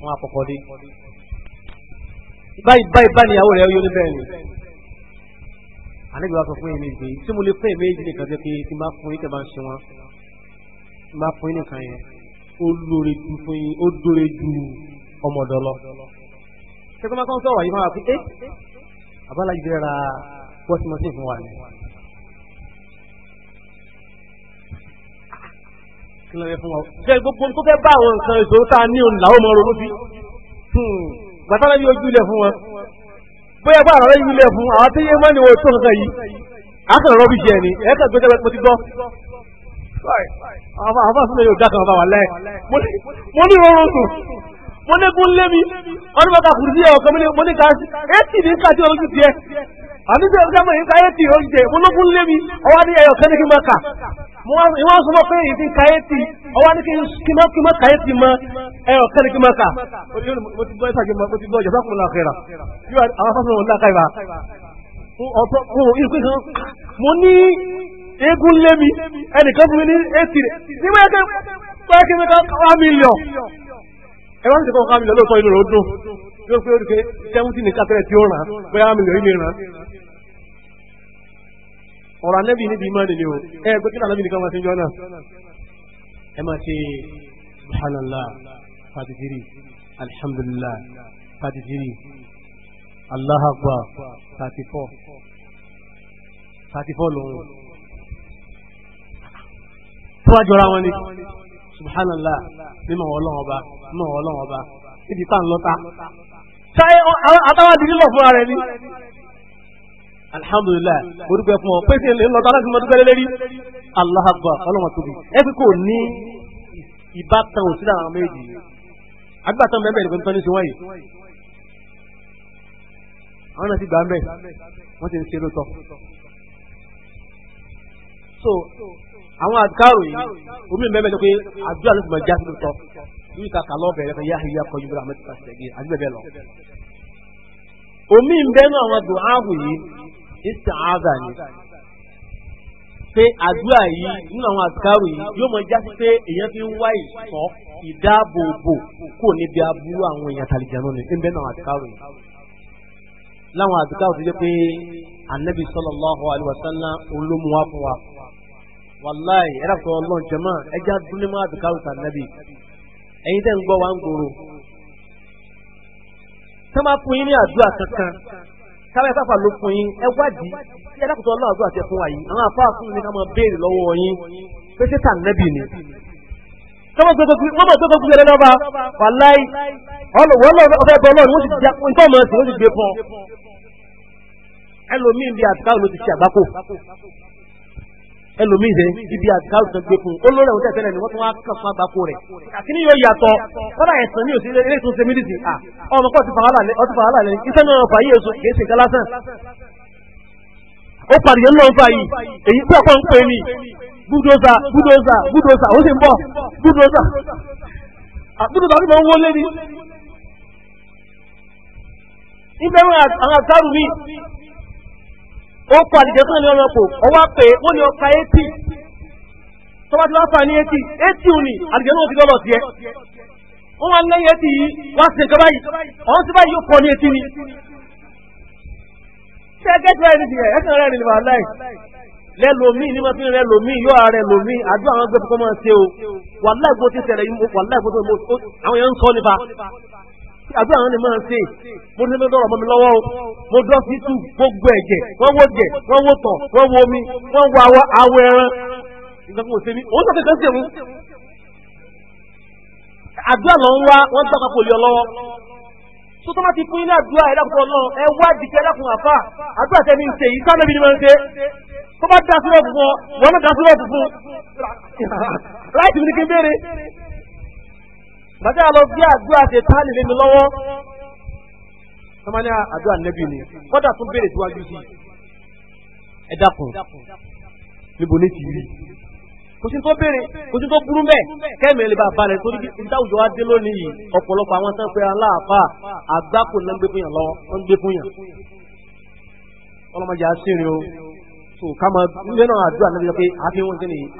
wọn àkọ́kọ́ dé báyìí báyìí báyìí ìyàwó rẹ yóò ní bẹ́ẹ̀ ni ànábì wa sọ fún èmi gbé tí mo lè fẹ́ méjì nìkan tó pé tí máa fún yín tẹ́ bá ń ṣe wọn tí máa fún yín nìkan yẹn ó lóore ju fún yín ó dóore ju ọmọdọ lọ. ṣẹ́gun máa kọ́ sọ wàyí máa fi ẹ́ abala yìí rẹ̀ ra pọ́símọ́sí fún wa ni. kí ló ń fún wa. ṣe gbogbo tó fẹ́ bá àwọn nǹkan ìṣòro tá a ní òun làwọn ọmọ ronú sí. Hmm, gbàtà náà yóò júlẹ̀ fún wọn bóyá bá àrọ̀ yìí lẹ̀ fún àwọn tí yé mọ́ ni wọ́n tó kankan yìí àkàrà rọ́bì jẹ́ ni ẹ̀ kà gbẹ́jẹ́ mo ti gbọ́. àwọn àfáà sílẹ̀ yóò dákan bá wà lẹ́ mo ní oorun sùn mo ní kún lé mi ọdún bá ka kùrù sí ẹ̀ ní ká ẹ̀ sì ní ká tí ọlọ́jú tiẹ̀ àbí tí ọjọ́ mọ̀ ìka ayétì ó jẹ ológun lé mi ọwá ní ẹyọ kẹ́ ní kí n máa kà ìwọ́n sọ mọ́ pé ìdí ka ayétì ọwá ní kí n máa ka ayétì mọ́ ẹyọ kẹ́ ní kí n máa kà mo ti gbọ́ ìsàjẹ́ mo ti gbọ́ ìjọba kún náà kẹ́ra yóò àwọn afọ́sọ̀rọ̀ wọn láka ìbá ọ̀tọ̀ mo ìpín kan mo ní eégún lé mi ẹnìkan fún mi ní eighty rẹ̀ nígbà yẹn kẹ́ pẹ́ kí n máa kà wá mílíọ̀n ẹ̀rọ yóò pé orí pé sẹ́wọ́ntì ní kátẹ́rẹ́ tí ó ràn bóyá mi lè rí mi ràn. ọ̀rọ̀ anẹ́bí níbi ìmọ̀ nìyẹn o ẹ ẹ gbẹ́kẹ́ anẹ́bí nìkan máa ṣe jọ náà ẹ máa ṣe subhanallah fatidiri alhamdulillah fatidiri allah akbar thirty four thirty four lòun tó àjọra wọn ni subhanallah mímọ̀ ọlọ́run ọba mímọ̀ ọlọ́run ọba níbi tá à ń lọ́ta táyé àtàwọn àdìrí lọ fúnra rẹ ni. alhamdulillah orúkọ ẹ fún ọ pèsè ẹ lọ́tọ́ aláṣẹ mọ́tò pẹ́lẹ́ lérí Allahu Akbar ọlọ́mọ tóbi ẹ fi kò ní ìbátan òsì lára àwọn méjì àgbàtàn bẹ́ẹ̀ bẹ́ẹ̀ nìkan tó ní sí wáyé àwọn náà ti gbà ń bẹ̀ wọ́n ti ń ṣe lóòótọ́ so àwọn àdìkárò yìí omi ìbẹ́ẹ̀ bẹ́ẹ̀ ni pé àdúrà ló ti mọ̀ já sí lóòótọ́ ní ìkàkà lọ́bẹ̀rẹ̀ fẹ́ yáhìí yá kọjú bíra mẹ́tìkà sẹ́gi àti bẹ́ẹ̀ bẹ́ẹ̀ lọ. omi ń bẹ́nu àwọn dùnáàbù yìí ìsàáza ni pé àdúrà yìí nínú àwọn àdúrà yìí yóò mọ jásí pé èèyàn fi ń wá ìsọ ìdáàbòbò kò níbi aburú àwọn èèyàn tàlìjànú ni ń bẹ́nu àwọn àdúrà yìí láwọn àdúrà tó jẹ́ pé anabi sallallahu alaihi wasallam olómuwa wàláì ẹ̀rọ sọ ọlọ́run jẹ́mọ́ ẹja dúnlẹ́mọ́ àdúrà ẹ̀yin tẹ́ ń gbọ́ wa ń gbòòrò tá fún yín ní àdúrà kankan káwé fáfà ló fún yín ẹ tí tẹ fún wa yìí àwọn àfáà fún mi ká béèrè lọ́wọ́ yín pé ṣé tànẹ́bì ni kọ́mọ̀ gbogbo gbogbo ẹ̀rẹ́ lọ́ba wàláì ọlọ́run ọ̀fẹ́ bọ́ ọlọ́run wọ́n ti di nǹkan ọmọ ẹ̀sìn wọ́n ti gbé fún ẹlòmíì rẹ ibi àgáwò kan gbé fún un olórí ẹ̀wọ̀n tẹ̀sẹ̀lẹ̀ ni wọ́n tún wá kàn fún àgbákò rẹ̀ àkíní yóò yàtọ̀ kọ́dà ẹ̀sán ní òsèlè eré tún ṣe mídìsì à ọmọ pọ̀ ti fàhálà lẹ ọtí fàhálà lẹ iṣẹ́ náà fà yíyẹ sùn kìí ṣe nǹkan lásán ó pàdé náà fà yìí èyí tí ọkọ̀ ń pè ní búdóza búdóza búdóza ó sì ń bọ̀ búdóza búdóza ló máa ń wọlé ni ìbẹ̀rù àwọn àtàrù mi ó kọ àdìjẹ́ fún ẹ̀lẹ́ ọlọ́pọ̀ ọwá pé ó ní ọpa etí tó bá ti wá fà ní etí etí ò ní àdìjẹ́ náà ti lọ́lọ́ tiẹ̀ ó wá lẹ́yìn etí yìí wá sí nǹkan báyìí ọ̀hún sí báyìí yóò kọ ní etí ni ṣẹ́gẹ́tì rẹ̀ nìyẹn ẹ̀sìn rẹ̀ nìyẹn wàláì lẹ́lòmíì ní wọ́n fi rẹ̀ lòmíì yóò ààrẹ lòmíì àjọ àwọn gbẹ̀fọ́ máa ṣe o wàláì bó ti ṣẹlẹ̀ yìí wàláì bó ti ṣẹlẹ̀ àwọn èèyàn ń sọ àdúrà wọn ni máa ṣe mo ní lọ́dọ̀ ọmọ mi lọ́wọ́ o mo dọ́ sí tù gbogbo ẹ̀jẹ̀ wọ́n wó jẹ̀ wọ́n wó tọ̀ wọ́n wó omi wọ́n wọ awọ awọ ẹran nǹkan kò òun tó kẹ̀kẹ́ sí òun. àdúrà lọ ń wá wọ́n gbà papọ̀ lé lọ́wọ́ tó tó ti fún ilé àdúrà ẹ̀dàkùn ọlọ́run ẹ wá dìkẹ́ ẹ̀dàkùn àfà àdúrà tẹ́mi ṣe yìí sáà lóbi ni máa ń ṣe tó bá dá sílẹ̀ fún bàtà lọ bí àdúrà ṣe tánì lé mi lọ́wọ́ sọmọlẹ àdúrà nẹbi ni kódà tún béèrè síwájú sí ẹ dákun níbo ní ti rí kò sí tó béèrè kò sí tó burú mẹ kẹmẹ lè bá balẹ̀ torí bí ibi táwùjọ wa dé lónìí yìí ọ̀pọ̀lọpọ̀ àwọn sàn pé aláàfà àgbákò náà ń gbé lọ ń gbé fún yàn àṣírin o tó ká máa nílẹ̀ náà àdúrà náà bí pé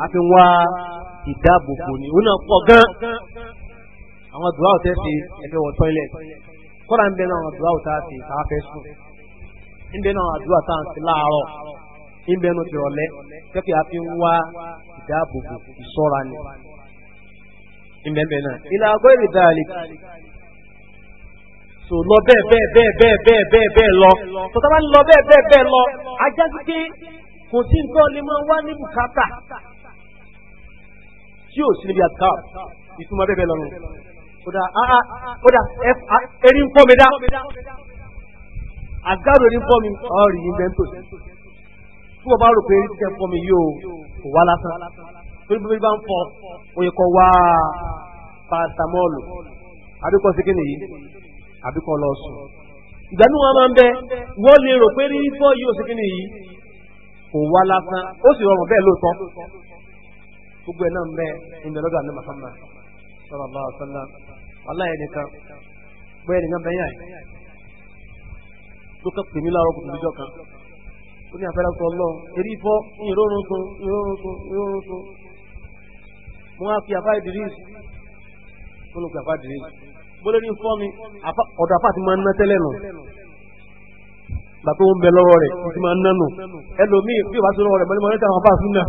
àfi ń wá ìdáàbòbò ni òun náà pọ̀ gan àwọn dùwà ọ̀tẹ́ ti ẹ̀fẹ́ wọ tọ́ilẹ̀ kọ́ra ń bẹ náà àwọn dùwà ọ̀tá ti tàá fẹ́ sùn ń bẹ náà àwọn dùwà tá à ń ti láàárọ̀ ń bẹ nu tìrọ̀lẹ́ kẹ́kẹ́ àfi ń wá ìdáàbòbò ìṣọ́ra ni ń bẹ bẹ náà. ìlà àgọ́ èrè dàlí so lọ bẹ́ẹ̀ bẹ́ẹ̀ bẹ́ẹ̀ bẹ́ẹ̀ bẹ́ẹ̀ bẹ́ẹ̀ bẹ́ẹ̀ lọ tọ́ta bá ń lọ bẹ́ẹ̀ bẹ́ẹ̀ bẹ́ẹ̀ lọ ajá sí pé kò sí nǹkan lè máa wá ní bùkátà tí ò sí níbi àtàwọn ìtumọ̀ bẹ́ẹ̀ bẹ́ẹ̀ lọ́nu kódà áá ah, ah, kódà ah, ẹni ń fọ́ mi dá àgádò ní fọ́ mi ọ̀rì yìí bẹ́ẹ̀ tó tí wọ́n bá rò pé tẹ́ fọ́ mi yóò kò wá lásán torí bí wọ́n bá ń fọ́ òye kan wá paracetamol àbíkọ́ sí kí nìyí àbíkọ́ lọ sùn ìgbà ní wọn máa ń bẹ wọ́n lè rò pé rírí fọ́ yóò sí nìyí kò wá lásán ó sì rọrùn bẹ́ẹ̀ lóòótọ́ gbogbo ẹ̀ náà ń bẹ ìmọ̀lọ́dọ̀ àná màfàmà sallallahu alaihi wasallam aláyẹ nìkan bóyá nìkan bẹ́yà yìí tó kọ́ pèmí láàárọ̀ kùtù níjọ́ kan ó ní àfẹ́rẹ́ sọ lọ eré fọ́ ìrọ̀rùn sun ìrọ̀rùn sun ìrọ̀rùn sun mo wá fi àfáà ìdírísì mo lọ fi àfáà ìdírísì mo lè ní fọ́ mi ọ̀dọ̀ àfáà ti máa ń ná tẹ́lẹ̀ nù gbàgbé wọn bẹ lọ́wọ́ ti máa ń nánu ẹlòmíì bí ìbá tó lọ́wọ́ rẹ̀ mọ́lẹ́mọ́lẹ́ tí àwọn afáà fún náà.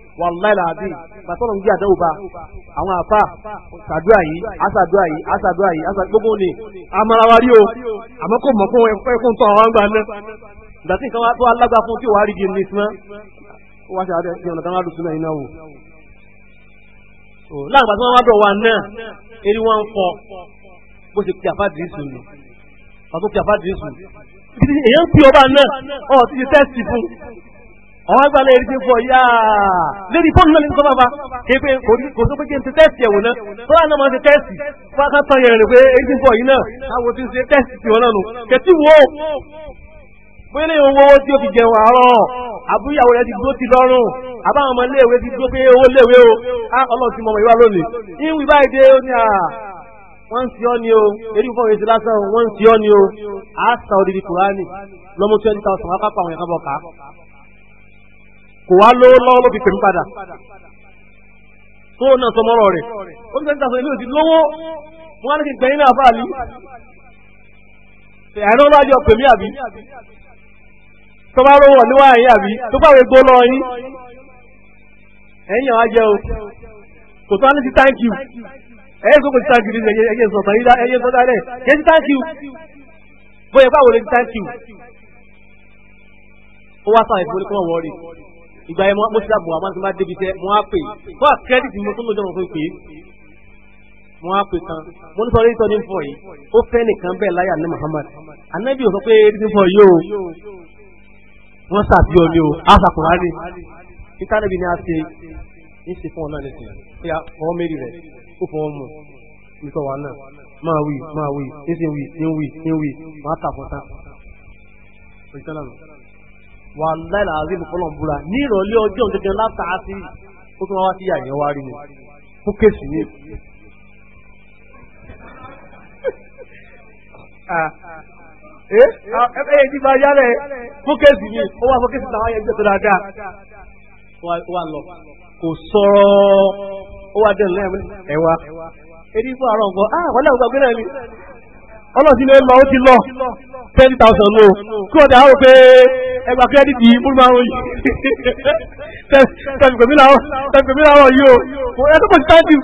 wàláì làbí pàtọ́nà ń gbé àdáwò bá àwọn àfa sàdúrà yìí àsàdúrà yìí àsàdúrà yìí àsàdúrà gbogbo ni amarawa rí o àmọ́ kò mọ̀ fún ẹ̀kọ́ ẹ̀kọ́ tó àwọn àgbà náà ìgbà tí nǹkan tó alágbá fún kí wàá rí di ní sinmi ó wá ṣe àdé ti ọ̀nà táwọn àdùsùn náà iná wò. láàgbà tí wọ́n wá dọ̀ wà náà eré wọn ń fọ bó ṣe pè àfáàdì ìsùn ni pàtó pè àfáàdì ìsùn èèyàn ń pè ọba náà ọ̀ ti ṣe tẹ́sì fún àwọn agbálẹ̀ eré ti fọ yá lérí fóònù náà ní sọ bàbá képe kò tó pé kí n ti tẹ́sì ẹ̀wò náà tó wà náà máa ti tẹ́sì fáká tán yẹn rẹ̀ pé eré ti fọ yìí náà àwọn ti ń ṣe tẹ́sì tiwọn náà nù kẹtí wo bóyá lè owó owó tí ó fi jẹun àárọ̀ àbúyàwó rẹ̀ ti dúró ti lọ́rùn àbáwọn ọmọ iléèwé ti dúró pé owó léèwé o á ọlọ́run ti mọ ọmọ ìwà lónìí ìwé báyìí dé ó ní à wọ́n ń sí ọ́ ni o eré fún èsì lásán wọ́n ń sí ọ́ ni o àá san odidi kùránì lọ́mú twenty thousand wákàtí àwọn ẹ̀ka bọ̀ ká ụwa wá lówó ló fi pè mí padà tó náà sọmọ́rọ̀ rẹ̀ ó ń sẹ́ńtà sọ ìlú òsì lówó mo wá ní kí n gbẹ̀yìn náà fáàlì ẹ̀rọ bá jọ pèmí àbí tó bá rówó níwá ẹ̀yìn àbí tó bá wẹ́ gbó yín ẹ̀yìn àwọn ajẹ́ o kò tó wá ní ti thank you ẹ̀yìn kókò ti thank you nínú ẹ̀yẹ sọ̀tàn thank you bóyá ìgbà yẹn mo ṣe àbọ̀ àmọ́ tí mo bá débi tẹ mo á pè fún àkẹ́rẹ́dìtì mo tó ń lọ́jọ́ mo fi pè é mo á pè kan mo ní sọ orí sọdí fún yìí ó fẹ́ nìkan bẹ́ẹ̀ láyà ní Muhammad anabi ò sọ pé rí fún yìí o wọ́n ṣàfihàn ni o a ṣàkóra rí peter anabi ni a ṣe ń ṣe fún ọ náà nìkan ṣe àwọn mẹ́rin rẹ̀ ó fọwọ́ mu nìkan wà náà máa wí máa wí ń ṣe wí ń wí ń wí máa tà fún tán. wà láìlà àzíìmù kọlọ̀mbúra ní ìrọ̀lẹ́ ọjọ́ gẹ́gẹ́ láta àti ó tún wá sí àyẹ̀ wá rí ni fún kéèsì ní. ẹ ẹ ti bá yálẹ̀ fún kéèsì ní ó wà fún kéèsì táwọn tó dáadáa wà lọ kò sọ̀rọ̀ ó wà lẹ́yìn ẹ̀wà fún ah wọ́n ọlọ́sìn lè lọ ó ti lọ ten thousand lò kí wọ́n ti àwọn pé ẹgbà kírẹ́dìtì múlùmọ́ àwọn yìí tẹ̀sìkòmí làwọn yìí o ẹgbẹ́ kò ti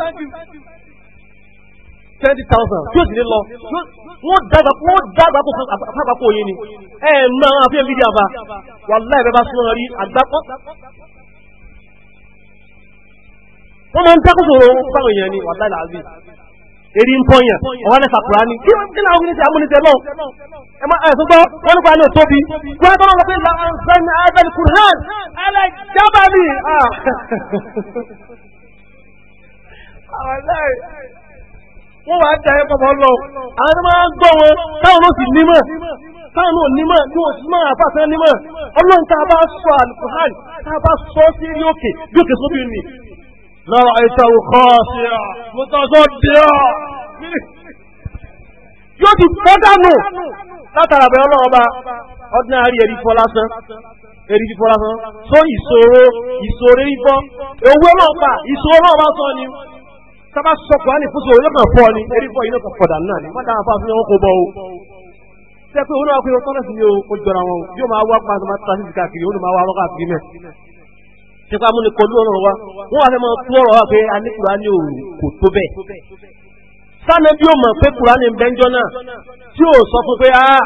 twenty thousand tí o sì lè lọ wọ́n dàgbà wọ́n dàgbà kó àgbà kó yé ni ẹ máa wọn àfihàn fídíò àbá wàláhì bẹ́ẹ̀ bá súnmọ́ rí àgbàpọ̀. wọ́n máa ń dákòsòrò fáwọn èèyàn ni wàláhì làwọn èrí ń pọ̀yàn ọ̀wá lẹ́sà kùránì kí wọ́n ti láwọn oníṣẹ́ amúnisẹ́ lọ́wọ́ ẹ máa ẹ̀sùn gbọ́ la nípa ní òtóbi wọ́n tọ́lọ́ lọ pé làǹzẹ́n àgbẹ̀lì kùrán alájábàmì wọ́n wá dá ẹ̀kọ́ bọ́ lọ àwọn tó máa ń gbọ́ wọn táwọn ló sì nímọ̀ táwọn ò nímọ̀ tí wọ́n sì máa àpàtàn nímọ̀ ọlọ́run tá a bá sọ àlùkùrán tá a bá sọ sí ní òkè bí òkè sóbì ni lọ́rọ̀ ìtàwù kọ́ sí ọ́ mọ́tò sọ́ọ́ bí ọ́. yóò ti tọ́ dànù látara bẹ̀rẹ̀ ọlọ́run ọba ordinary fífọ́ lásán tó ìṣòro ìṣòro fífọ́ owó ọlọ́ọ̀pá ìṣòro ọlọ́ọ̀pá sọ ni sábà sọkọ̀ á ní fún sòrò lọ́kàn fọ́ ni fọ́ iná náà ni wọ́n fún o jọra wọn yóò máa wá káàkiri máa wá mẹ́ sáàmì bí ó mọ̀ pé kùránì bẹ́ńjọ́ náà tí ó sọ fún pé áá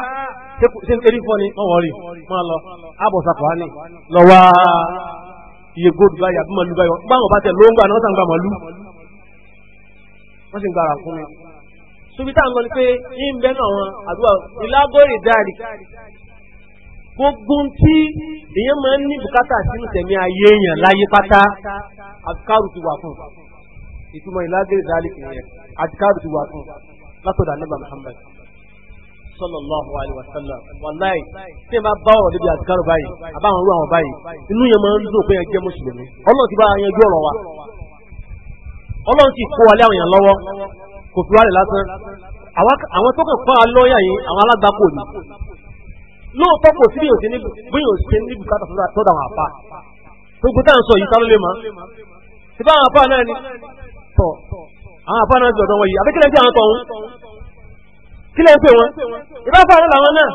ṣe eré fọ́ ni wọ́n wọ́n rí máa lọ àbọ̀sà kùránì lọ́wọ́ iye góòdù báyìí àbí màlúù báyìí báwọn bá tẹ̀ ló ń gbà náà wọ́n sàn gba màlúù wọ́n sì ń gbàrà fún mi. sóbi táwọn lọ ni pé ń bẹ́ náà wọn àdúrà ìlágọ́rì dáàrí gbogbo tí èèyàn máa ń ní bùkátà sínú tẹ̀mí ayé èèyàn láyé pátá àfikárù wà fún un ìtumọ̀ ìlágẹ̀rẹ̀ dálí kìnìyẹn àtikáàrù ti wà fún látọ̀dà nígbà Muhammad sallallahu alayhi wa sallam wàláì tí ẹ bá bá ọ̀rọ̀ níbi àtikáàrù báyìí àbáwọn orú àwọn báyìí inú yẹn máa ń dùn pé ẹ jẹ́ mùsùlùmí ọlọ́run ti bá ara yẹn ọ̀rọ̀ wa ọlọ́run ti kó alẹ́ àwọn èèyàn lọ́wọ́ kò fi wálẹ̀ lásán àwọn tó kàn fún wa lọ́ọ̀yà yìí àwọn alágbàkọ̀ ni lóòótọ́ kò sí bíyànjú ní bíyànjú ní bùkátà tó dà wọn àpá gbogbo táwọn sọ yìí sálólé mọ́ síbáwọn àpá náà ni àwọn àfáàná ti ọ̀dọ́ wọn yìí àbíkílẹ̀ ń pè àwọn tọ̀hún kílẹ̀ ń pè wọn ìbáfà náà làwọn náà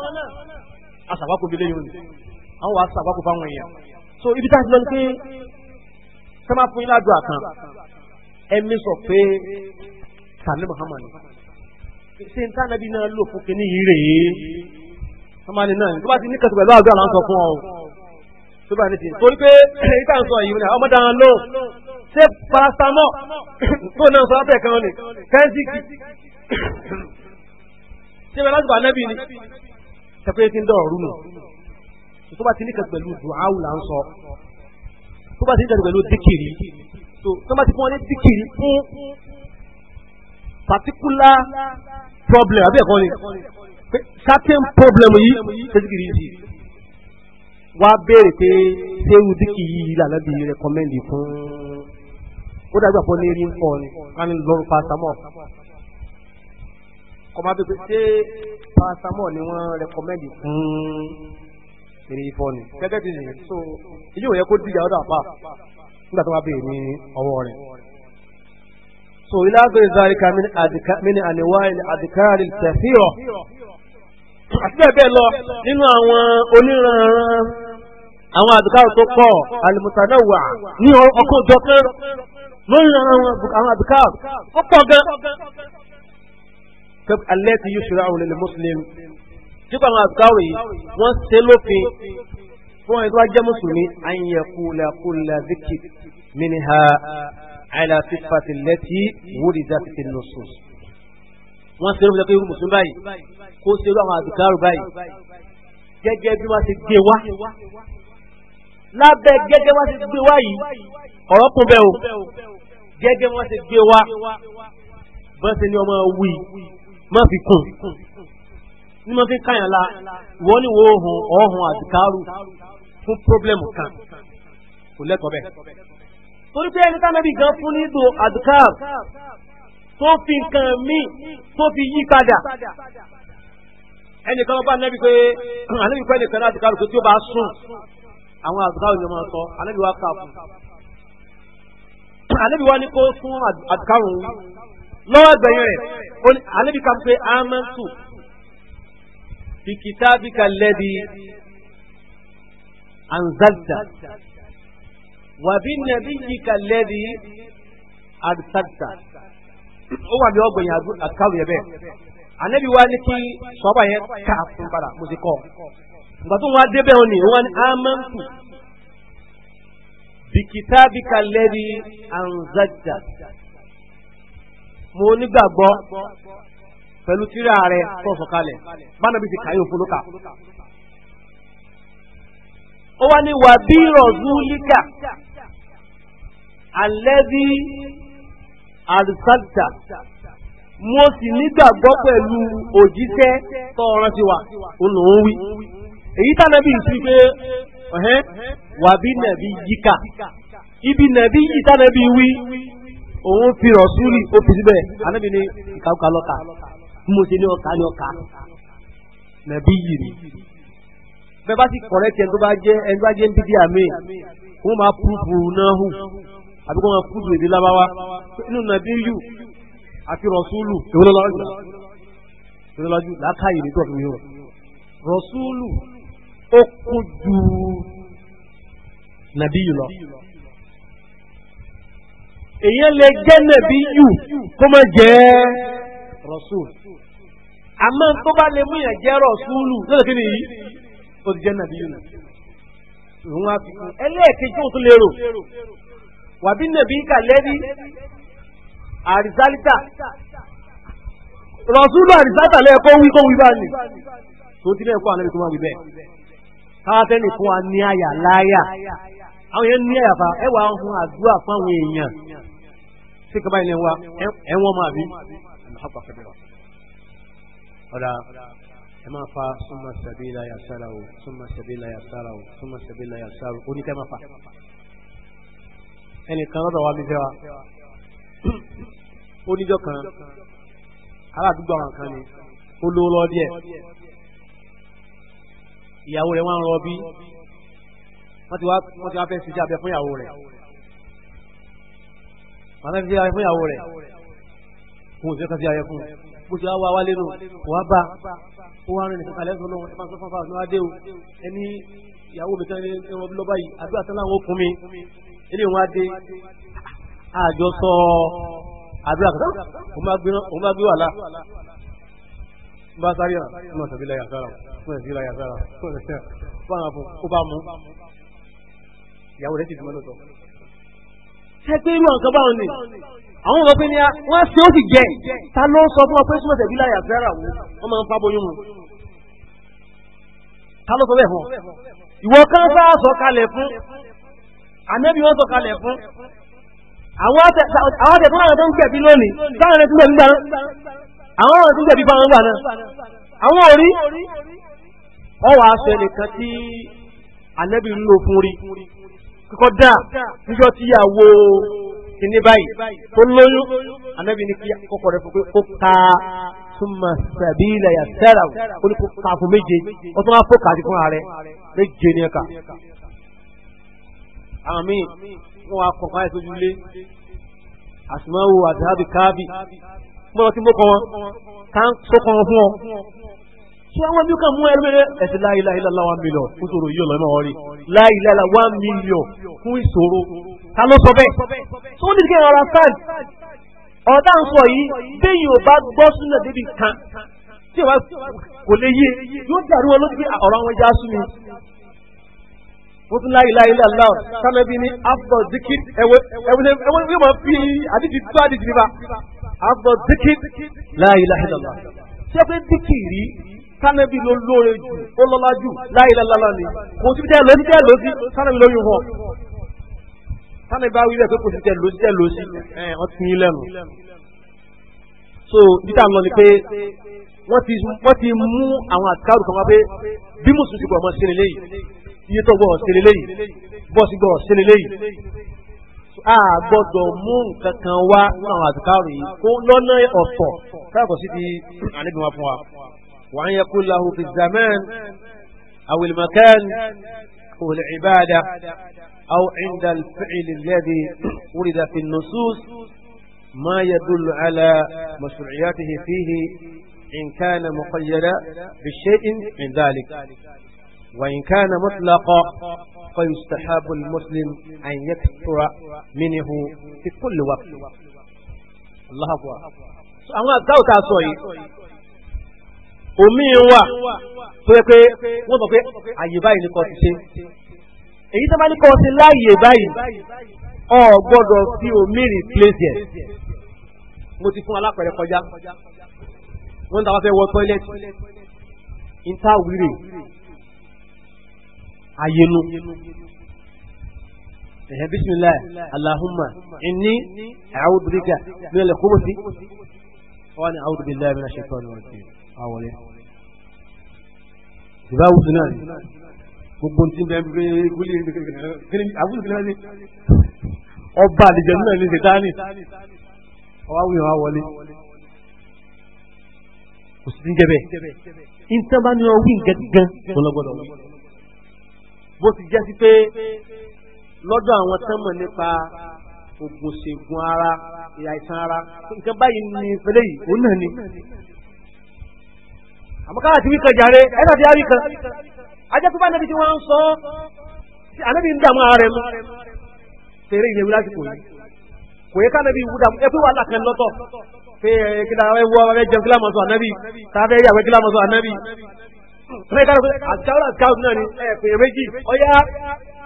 àṣàwákò bílé yìí ni àwọn wà àṣàwákò fáwọn èèyàn so ibi tá a ti lọ ní pé sẹ́mà fún yín ládùú àkàn ẹ̀mí sọ pé sàmì Muhammad ṣe ń tánà bí náà lò fún kínní yìí rèé sọmọdé náà tó bá ti ní kẹsì pẹ̀lú àdúrà là ń sọ fún ọ tó bá ní ti torí pé ẹ̀yìn tá à sọ yìí ọmọdé àwọn lóhùn ṣé paracetamol tó náà sọ látẹ̀ kan ni kẹ́ńsìkì ṣé bẹ́ẹ̀ lásìkò ànábì ni ṣẹ́pẹ́ ti ń dọ̀rọ̀ rúnu tó bá ti ní kẹ́kẹ́ pẹ̀lú dùháù là ń sọ tó bá ti ní kẹ́kẹ́ pẹ̀lú díkìrì tó bá ti fún ọ ní díkìrì fún particular problem àbí ẹ̀kọ́ ni certain problem yìí ṣẹ́díkìrì yìí wá béèrè pé ṣé irú díkìrì yìí lànà bí recommend fún. ó dájú àpò ní erí ni ní paracetamol kọ́má pépé ṣé paracetamol ni wọ́n rẹkọmẹ́ndì fún eré ifọ ni gẹ́gẹ́ bí nìyẹn so èyí yẹ kó dìjà ọ̀dọ̀ àpá nígbà tó bá bèèrè ní ọwọ́ rẹ̀. so ilé àgbẹ̀ mini àníwá àdìkárì tẹ̀fíọ̀ àti bẹ́ẹ̀ lọ nínú àwọn oníranran àwọn tó pọ̀ wà ní ọkọ̀ lórí àwọn àbíká ó pọ̀ gan. alẹ́ ti yóò ṣúra àwọn ilẹ̀ mùsùlùmí tí kò àwọn àbíká wòye wọ́n ṣe lófin fún ẹni tó wá jẹ́ mùsùlùmí ayẹyẹ kúlà kúlà zikì mìnìhà àìlàsífàtì lẹ́tì wúri zàtìtì nùsùs. wọ́n ṣe lófin lẹ́kọ̀ọ́ mùsùlùmí báyìí kó ṣe lórí àwọn àbíká rò báyìí gẹ́gẹ́ bí wọ́n ti gbé wá lábẹ́ gẹ́gẹ́ wọ́n ti gbé wá yìí ọ̀rọ̀ kún bẹ́ẹ̀ o gẹ́gẹ́ wọ́n ti gbé wá bọ́n ṣe ní ọmọ wí má fi kùn ní mo fi ń káyàn la wọ́n ní wo ohun ọ̀hún àdìkárù fún pírọ́blẹ́mù kan kò lẹ́kọ̀ọ́ bẹ́ẹ̀. torí pé ẹni tánàbí gan fún nílò àdìkárù tó fi nǹkan míì tó fi yí padà ẹnìkan bá nẹ́bí pé àlejò pé ẹnìkan ní àdìkárù pé tí ó bá sùn àwọn àdìkárù ni wọ́n sọ àlejò wa kà fún un. ànábì wa ni kó fún àdùkárùn lọ́wọ́ ẹgbẹ̀yìn rẹ̀ ànábì kan pé amantu fi kitabika alladhi anzalta bi nabiyyika alladhi arsalta ó wà ní ọgbẹ̀yìn àdùkárùn yẹn bẹ́ẹ̀ ànábì wa ni kí sọ́ba yẹn ká fún bàrà mo ti tó wọn adébẹ̀ wọn ni wọn ni bìkítàbíkà alladhi anzalta mo nígbàgbọ́ pẹ̀lú tírà rẹ tó sọ̀kalẹ̀ bánàbí ti kàyé òfurufà. ó wá ní wà bí rasulika alladhi arsalta mo sì nígbàgbọ́ pẹ̀lú òjíṣẹ́ tó rán sí wa òun lòún wí èyí tànàbí ń sí pé wà bí nàbí yíká ibi nàbí yìí tánàbí wí òun fi rọ̀súlì ó fi síbẹ̀ anábì ní ìkàkà lọ́ka mo ti ní ọkà ní ọkà nàbí yìí ni bẹ́ẹ̀ bá ti kọ̀rẹ́tì ẹni tó bá jẹ́ ẹni tó bá jẹ́ ń dídí àmì wọ́n máa púpù náà hù àbí kó máa púpù èdè lábáwá inú nàbí yù àti rọ̀súlù ìwọlọ́lọ́jù ìwọlọ́jù làákàyè ní tó fi mi rọ̀ rọ̀súlù ó kún ju nàbí yìí lọ. èèyàn lè jẹ́ nàbí yù kó má jẹ́ rọ̀ṣùl àmọ́ tó bá lè mú yàn jẹ́ rọ̀ṣùlù lọ́dọ̀ kí nìyí ó ti jẹ́ nàbí yù nà. òun á fi kún ẹlẹ́ẹ̀kejì òun tó lérò wàbí nàbí kàlẹ́rí àrísálítà rọ̀ṣùlù àrísálítà lẹ́ẹ̀kọ́ wí kó wí bá nì tó ti lẹ́ẹ̀kọ́ àlẹ́ kó má wí bẹ́ẹ̀ káwá tẹ́nì fún wa ní àyà láyà àwọn èèyàn ní ẹ̀yàfà ẹwà ohun àdúrà fún àwọn èèyàn sí kaba ilé wa ẹ̀wọ̀n máa bí ọ̀dà ẹ máa fa súnmọ́ sàbílà yà sára o súnmọ́ sàbílà yà sára o súnmọ́ sàbílà yà sára o oníkẹ́ máa fa ẹnìkan lọ́dọ̀ wa bíbẹ́ wa oníjọ́ kan aládùúgbò àwọn kan ni ó lọ́ọ́ díẹ̀ ìyàwó rẹ̀ wá ń rọ bí wọ́n ti wá wọ́n ti wá fẹ́ ṣiṣẹ́ abẹ fún ìyàwó rẹ̀ wọ́n fẹ́ ṣiṣẹ́ abẹ fún ìyàwó rẹ̀ kò sí kàṣí ayẹ fún bó ti wá wá wálé nù kò wá bá kó wá rìn nìkan kalẹ̀ sọ lọ́wọ́ ẹ máa sọ fún fáwọn ọ̀nà adé o ẹni ìyàwó mi kan ní ẹwọn lọ́ba yìí àdúrà tán láwọn okùn mi ilé wọn adé àjọ sọ àdúrà kan òun máa gbé wàhálà n bá sáré hàn fún ọ̀sẹ̀ bí láyà sára fún ọ̀sẹ̀ láyà sára fún ọ̀sẹ̀ fún àwọn afọ kó bá mú ìyàwó rẹ̀ sì dùn mọ́tò tọ́. ṣé pé irú àwọn kan báwọn ni àwọn ọmọ pé ní wọ́n ṣe ó sì jẹ́ ta ló sọ fún wa pé súnmọ́ tẹ̀bí láyà fẹ́ra wo wọ́n máa ń fábóyún mu ta ló sọ bẹ́ẹ̀ fún ìwọ kan sá sọ kalẹ̀ fún ànẹ́bí wọn sọ kalẹ̀ fún àwọn àtẹ̀tún àwọn tó ń gbẹ̀bí lónìí táwọn ẹni tó ń gbẹ̀bí gbà àwọn ọ̀rọ̀ tó ń gbẹ̀bí fáwọn gbà àwọn òrí ọwọ́ aṣọ ẹnìkan tí ànẹ́bí ń lò fún rí kódà níjọ́ tí yà wo kíní báyìí tó lóyún anábì ní kí kọ́kọ́ rẹ̀ fún kó ka súnmọ́ sàbílẹ̀ yà sẹ́ra ó ní kó ka fún méje ó tún wá fò kàdí fún ààrẹ méje ní ẹ̀ka. àwọn wọn wá kọ̀ọ̀kan ẹ̀ sójú lé àsùnmáwò àti àbíkábì mo lọ sí mọ́kàn wọn ká ń sọ́kàn fún ọ tí wọ́n bí ó kà mú ẹlẹ́mẹ́rẹ́ ẹ̀sìn láìláìlá one million fún ìṣòro yìí ọ̀lọ́mọ ọ̀rí láìláìlá one million fún ìṣòro ta ló sọ bẹ́ẹ̀ tó ní kí ọ̀rọ̀ sáàd ọ̀dà ń sọ yìí bẹ́yìn ò bá gbọ́ súnà débi kan tí ìwà kò lè yé yóò dàrú wọn ló ti ọ̀rọ̀ àwọn ẹja sún mi. wọ́n tún láìláìlá láò sábẹ́bí ní afro zikir ẹ̀wẹ̀ sanabi ló lóore jù ó lọ́lá jù láìlálára ni kò sí tẹ́ lọ́sí tẹ́ lọ́sí sanabi lóyún hàn sanabi bá wí bẹ́ẹ̀ pé kò sí tẹ́ lọ́sí tẹ́ lọ́sí ẹ̀ wọ́n ti yín lẹ́nu. so dídá ń lọ ni pé wọ́n ti wọ́n ti mú àwọn àtikárù kan wá pé bí mùsùlùmí gbọ́ ọmọ sínú léyìí iye tó gbọ́ sínú léyìí bọ́ọ̀sì gbọ́ sínú léyìí a gbọ́dọ̀ mú nǹkan kan wá àwọn àtikárù yìí kó lọ́nà ọ̀tọ̀ káàkó sí ti àníbìwá fún wa. وأن يكون له في الزمان أو المكان أو العبادة أو عند الفعل الذي ورد في النصوص ما يدل على مشروعيته فيه إن كان مقيدا بشيء من ذلك وإن كان مطلقا فيستحاب المسلم أن يكثر منه في كل وقت الله أكبر أما كوتا سوي omi wà tó yẹ pé wọ́n sọ pé àyè báyìí ni kò ti ṣe èyí tó bá ní kò ti láàyè báyìí o gbọ́dọ̀ fi omi replace yẹn mo ti fún alápẹ̀rẹ̀ kọjá wọ́n tàbá fẹ́ wọ tọ́ílẹ̀tì ìtawìrì ayélu ẹ̀hẹ́ bísímilá aláhùnmá ìní àwùdíríkà ní ẹlẹ́kùnmọ́sí wọ́n ni àwùdíríkà lẹ́yìn ṣe tọ́nu ọ̀sẹ̀ àwọlé ìbá wùsùn náà gbogbo ti bẹ pé kúlì àbúrò kìlẹ̀ ṣe ọba àdìjẹ náà ní sètáni ọwọ́ àwùjọ wa wọlé kò sí jẹbẹ nǹkan bá ní ọ wí gẹ́gẹ́ tó lọ́gbọ́dọ̀ wí. bó ti jẹ́ sí pé lọ́dọ̀ àwọn tán mọ̀ nípa ògùn ṣègùn ara ìyà ìsan ara nǹkan báyìí ní ìfẹ́lẹ́ yìí òun náà ni àmọ́ká àti wíkan jàre ẹ̀nà àti àríkan ajẹ́ tó bá nàbí tí wọ́n ń sọ tí ànábì ń dààmú ààrẹ mú fèrè ìyẹn wíwá sí kò yí kò yẹ ká nàbí wúdà ẹ pé wà lákan lọ́tọ̀ pé kílá ẹ wọ ẹ jẹun kílá mọ̀ sọ ànábì tá a fẹ́ yàwé kílá mọ̀ sọ ànábì. sọ́yìn ká lóko àtikáwọ́ àtikáwọ́ náà ni ẹ pè méjì ọ̀yá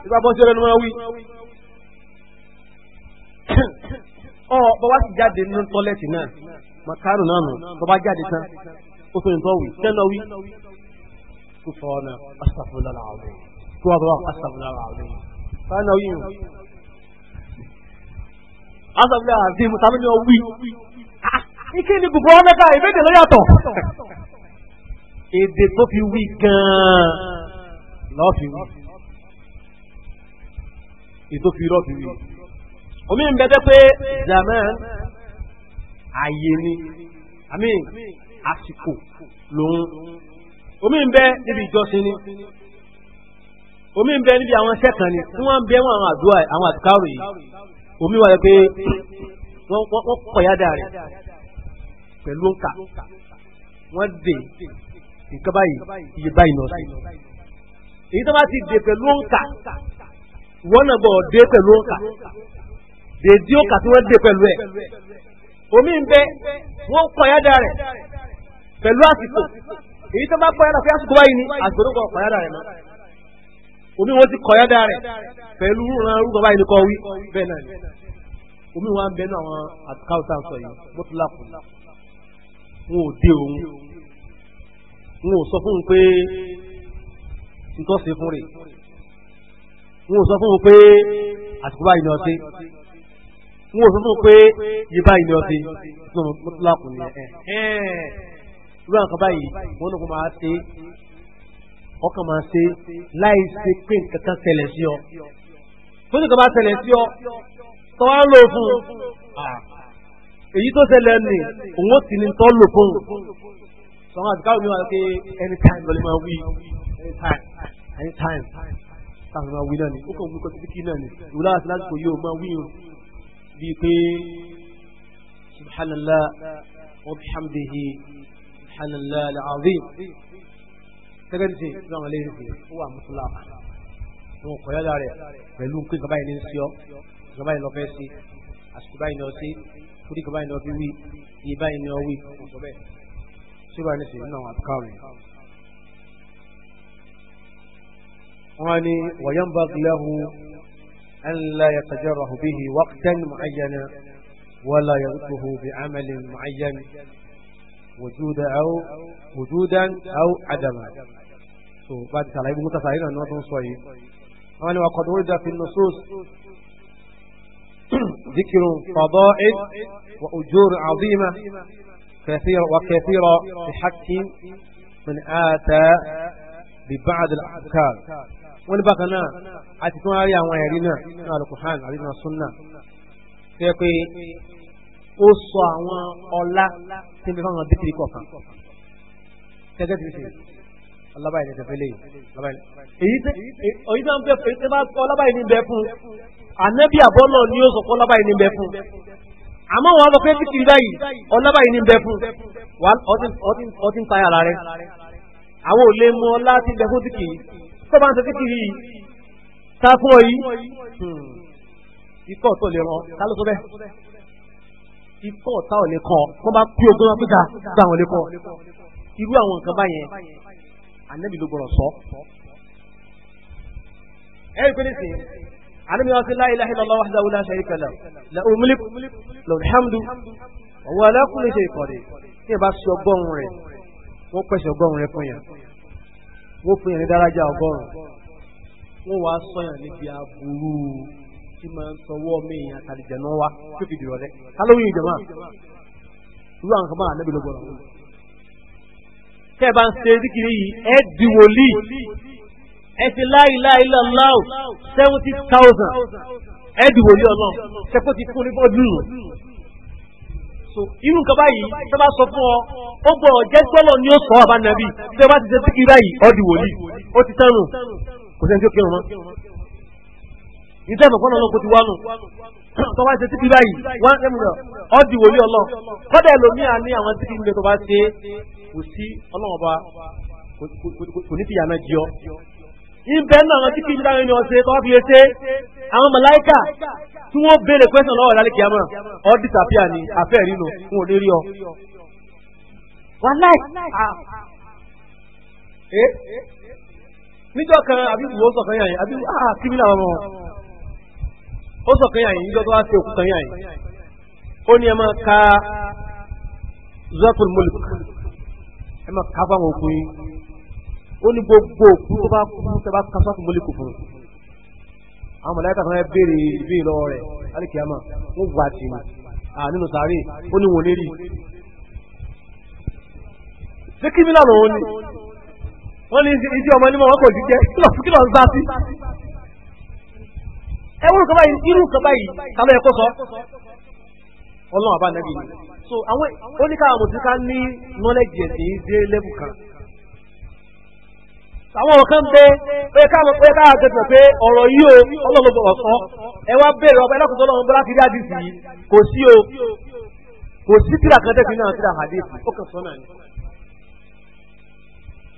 ìgbà bọ́ sí ọlọ́nu máa wí. ọ bọ́ wá sì jáde nínú tọ́lẹ́tì náà nù ó tó nǹkan wì kẹ́nà wí kó fọ ọ̀nà astaghfirullah alazim kó wà bàbá astaghfirullah alazim kẹ́nà wí o astaghfirullah alazim ni ó wí ike ni gbogbo ọ̀nà ká ìbéèrè ló yàtọ̀ èdè tó fi wí gan-an lọ́ọ́ fi wí ètò fi rọ́ọ̀fì wí omi ń bẹ́tẹ́ pé zaman ayé ni àmín àsìkò lòun omi ń bẹ níbi ìjọsìn ni omi ń bẹ níbi àwọn iṣẹ́ kan ni tí wọ́n ń bẹ wọn àwọn àdúrà àwọn àtìkárò yìí omi wà pé wọ́n kọ̀yádà rẹ̀ pẹ̀lú òǹkà wọ́n dè nǹkan báyìí iye báyìí náà sí èyí tó bá ti dè pẹ̀lú òǹkà wọ́n náà dé pẹ̀lú òǹkà dèdí òǹkà tí wọ́n dè pẹ̀lú ẹ̀ omi ń bẹ wọ́n kọ̀yádà rẹ̀ pẹ̀lú àsìkò èyí tó bá kọ̀yàdà fún àsìkò báyìí ni àsìkò tó kọ̀yàdà rẹ̀ mọ́ omi wọn ti kọ̀yàdà rẹ̀ pẹ̀lú ràn rúgbọ báyìí ni kò wí bẹ́ẹ̀ náà ni omi wọn bẹ nínú àwọn àtúkàwùtà sọ yìí bó ti lápò wọn ò dé òun wọn ò sọ fún un pé ntọ́sí fún rè wọn ò sọ fún un pé àsìkò báyìí ni ọtí wọn ò sọ fún un pé yìí báyìí ni ọtí tí wọn mú tó lápò nìyẹn irú àwọn kaba yìí wọn ní kò máa ṣe ọkàn máa ṣe láì ṣe pé nǹkan kan ṣẹlẹ̀ sí ọ tó ní kò máa ṣẹlẹ̀ sí ọ tó wá ń lò fún èyí tó ṣẹlẹ̀ ni òun ó sì ní tó lò fún sọ́wọ́n àti káwọn mìíràn pé anytime lọ́lẹ́ máa wí anytime anytime táwọn máa wí náà ni ó kàn wí kọ́ títí kí náà ni ìwúlá àti lásìkò yìí ó máa wí o bíi pé subhanallah wa bihamdihi. سبحان الله العظيم تغنتي سلام عليك هو مطلق مو قيا داري بلو كي غباي ني سيو غباي لو بيسي اسكو باي نو سي فودي غباي نو بي يي باي نو وي سو باي سي نو اتكام واني وينبغي له ان لا يتجره به وقتا معينا ولا يرده بعمل معين وجودا أو وجودا أو عدما so بعد ti sàlàyé gbogbo tàṣà yìí náà ni wọ́n tún ذكر فضائل وأجور عظيمة كثيرة وكثيرة بحق من آتى ببعض الأحكام ونبقنا أتكون عليها وعيرنا على القرآن علينا السنة يقول ó sọ àwọn ọlá tí n bẹ fáwọn bíkìrì kọ̀ọ̀kan gẹ́gẹ́ tí ṣe ọlábàyí ni tẹ̀fẹ́ léyìí èyí tí wọ́n bẹ fún bá kọ́ ọlábàyí ni bẹ fún ànábì àbọ̀ náà ni ó sọ pé ọlábàyí ni bẹ fún àmọ́ wọn lọ pé bíkìrì báyìí ọlábàyí ni bẹ fún ọtí ń tayà rẹ àwọn ò lè mú ọlá tí bẹ fún bíkìrì tó bá ń ṣe bíkìrì yìí ta fún ọ yìí hmm. ikọ̀ tó lè rán ta ló sọ bẹ́ẹ̀ ikọ́ ọ̀tá ò lè kọ́ wọ́n bá pín ogún lọ́pẹ́gà gbà wọ́n lè kọ́ irú àwọn nǹkan báyẹn ànábì ló gbọ́dọ̀ sọ. ẹ rí pé ní sìn ànábì wọn sí la ilaha illallah wahdahu la sharika lahu lahul mulku lahul hamdu wa huwa ala kulli shay'in qadir tí ẹ bá sọ ọgọ́rùn rẹ̀ wọ́n pèsè ọgọ́rùn rẹ̀ fún yàn wọ́n fún yàn ní dáràjà ọgọ́rùn wọ́n wàá sọ yàn níbi aburú tí máa ń sọwọ́ mi ìyàn àtàlìjẹ̀ náà wá tó fi dìrọ̀lẹ́ halloween ìjọba irú àwọn kan bá ànábì lọ́gbọ̀n àwọn. tẹ́ ẹ bá ń ṣe díkìrì yìí ẹ di wòlíì ẹ ti láì láì lọ́láù seventy thousand ẹ di wòlíì ọlọ́run ṣẹ́kọ́ ti fún ní bọ́ọ̀dù so irú nǹkan báyìí tó bá sọ fún ọ ó gbọ́ ọ̀jẹ́ gbọ́lọ̀ ni ó sọ ọba nàbí tí ó bá ti ṣe síkì báyìí ó di wòlíì ó ti tẹ́rùn kò sẹ́ni tí ó kírun mọ́. ìtẹ́fẹ̀ fọ́nà ló ti wánu tó ṣe títí báyìí wọ́n ṣe di wòlíì ọlọ́run kọ́dà ẹlòmíì àwọn títí múlẹ̀ tó bá ṣe kò sí ọlọ́run kò ní fìyà náà ọ. ìbẹ́ náà àwọn títí ìjọba ẹni ọ̀sẹ̀ tó fi ṣe àwọn màláíkà tí wọ́n béèrè pẹ́sàn lọ́wọ́ ìdálẹ́ kìámà ọ́ ni àfẹ́ rínu fún òní rí ọ. wàhálà níjọ́ kan kan yàn yín ọmọ ó sọ kan yà yìí lọ́tọ́ wá sí òkú kan ó ní ẹ máa ka zatul mulk ẹ máa ka fáwọn òkú yìí ó ní gbogbo òkú tó bá kú tó bá ka zatul mulk fún un àwọn mọ̀láyàtà kan béèrè ìbí lọ́wọ́ rẹ̀ alikiyama wọ́n wà tì mí nínú sàárè ó ní wọn lérí ṣé kí mi lànà ni wọ́n ní iṣẹ́ ọmọ ẹni mọ́ wọn kò sí jẹ́ kí lọ́n sá sí. ẹwọ́n kọba yìí irú kọba yìí tàbí ẹ̀kọ́ sọ ọlọ́run nàbí so àwọn oníkà àmọ̀tíká ní knowledge ẹ̀sìn yìí dé level kan àwọn ọ̀kan bẹ pé káwọn pé káwọn àgbẹ̀tẹ̀ pé ọ̀rọ̀ yìí o ọlọ́run bọ̀rọ̀ sọ ẹ wá bèèrè ọba ẹlẹ́kùn tó bọ́lá ti rí àdìsí o kò sọ náà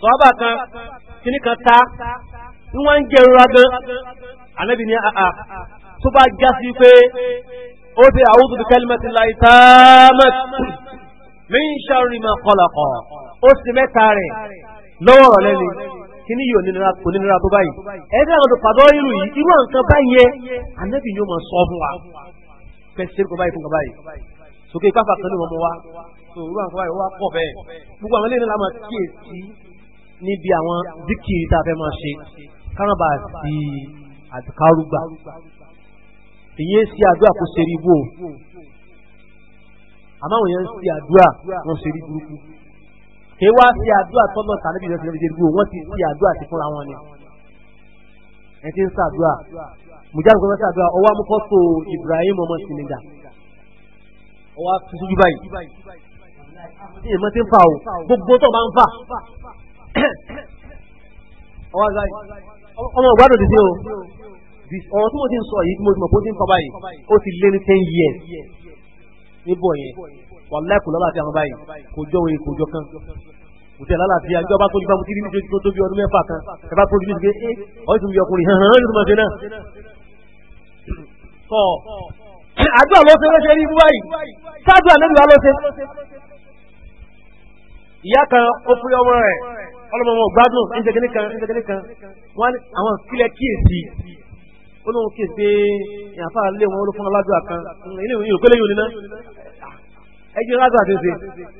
sọ́ọ́bà kan kíní kan ta ní wọ́n ń jẹ ìrora gan anábì ní àà tó bá já sí pé ó ti a'udhu bi kalimati llahi tammati min sharri ma khalaqa ó sì mẹ́ta rẹ̀ lọ́wọ́ rọ̀ lẹ́ni kíní yóò nínira kò nínira tó báyìí ẹgbẹ́ àwọn tó irú yìí irú nǹkan báyìí yẹn anábì yóò máa sọ fún wa pẹ̀sẹ̀ kò báyìí fún kò báyìí sókè ìpáfà kan ní wọn wa so irú nǹkan báyìí wọ́n wá pọ̀ bẹ́ẹ̀ gbogbo àwọn eléyìí náà kíyèsí níbi àwọn díkìrì tá a fẹ́ máa ṣe káràbà sí àdìkárúgbà ìyẹn sí àdúrà kó ṣe rí bò àmáwọn èèyàn ń sí àdúrà wọn ṣe rí burúkú kí wá sí àdúrà tọ́lọ̀ tàbí ìrẹsì rẹ̀ ṣe rí bò wọ́n ti sí àdúrà ti fúnra wọn ni ẹ ti ń sàdúrà mùjáde kò fẹ́ sàdúrà ọwọ́ amúkọ́tò Ibrahim ọmọ sinidà ọwọ́ tuntun jù báyìí ìyẹn mọ́ ti ń fà o gbogbo tó bá ń fà ọmọ ìgbádùn ti sí o ọ̀rọ̀ tí mo ti ń sọ yìí tí mo ti mọ̀ pé ó ti ń kọ́ báyìí ó ti lé ní ten years níbọ̀ yẹn wà láìkù lọ́láàfíà wọn báyìí kò jọ òye kò jọ kan kò tẹ̀ lálàáfíà ẹjọ́ bá tó ní bámu tí ní tó tóbi ọdún mẹ́fà kan ẹ bá tó ní bíi ṣe ọ̀yẹ́ tó ń bí ọkùnrin hàn hàn ló máa ṣe náà. sọ àdúrà ló ṣe ló ṣe rí báyìí sáàdúrà lẹ́nu wa ló ṣe ìyá kan ó fún ọmọ rẹ̀ ọlọ́mọ wọn gbádùn ẹnjẹgẹlẹ kan ẹnjẹgẹlẹ kan wọn àwọn kílẹ̀ kíyèsí olóhùn kíyèsí ìyàfà lé wọn olófún aládùá kan ilé ìwé ìròkèlè yìí ò níná ẹjẹ rádà tètè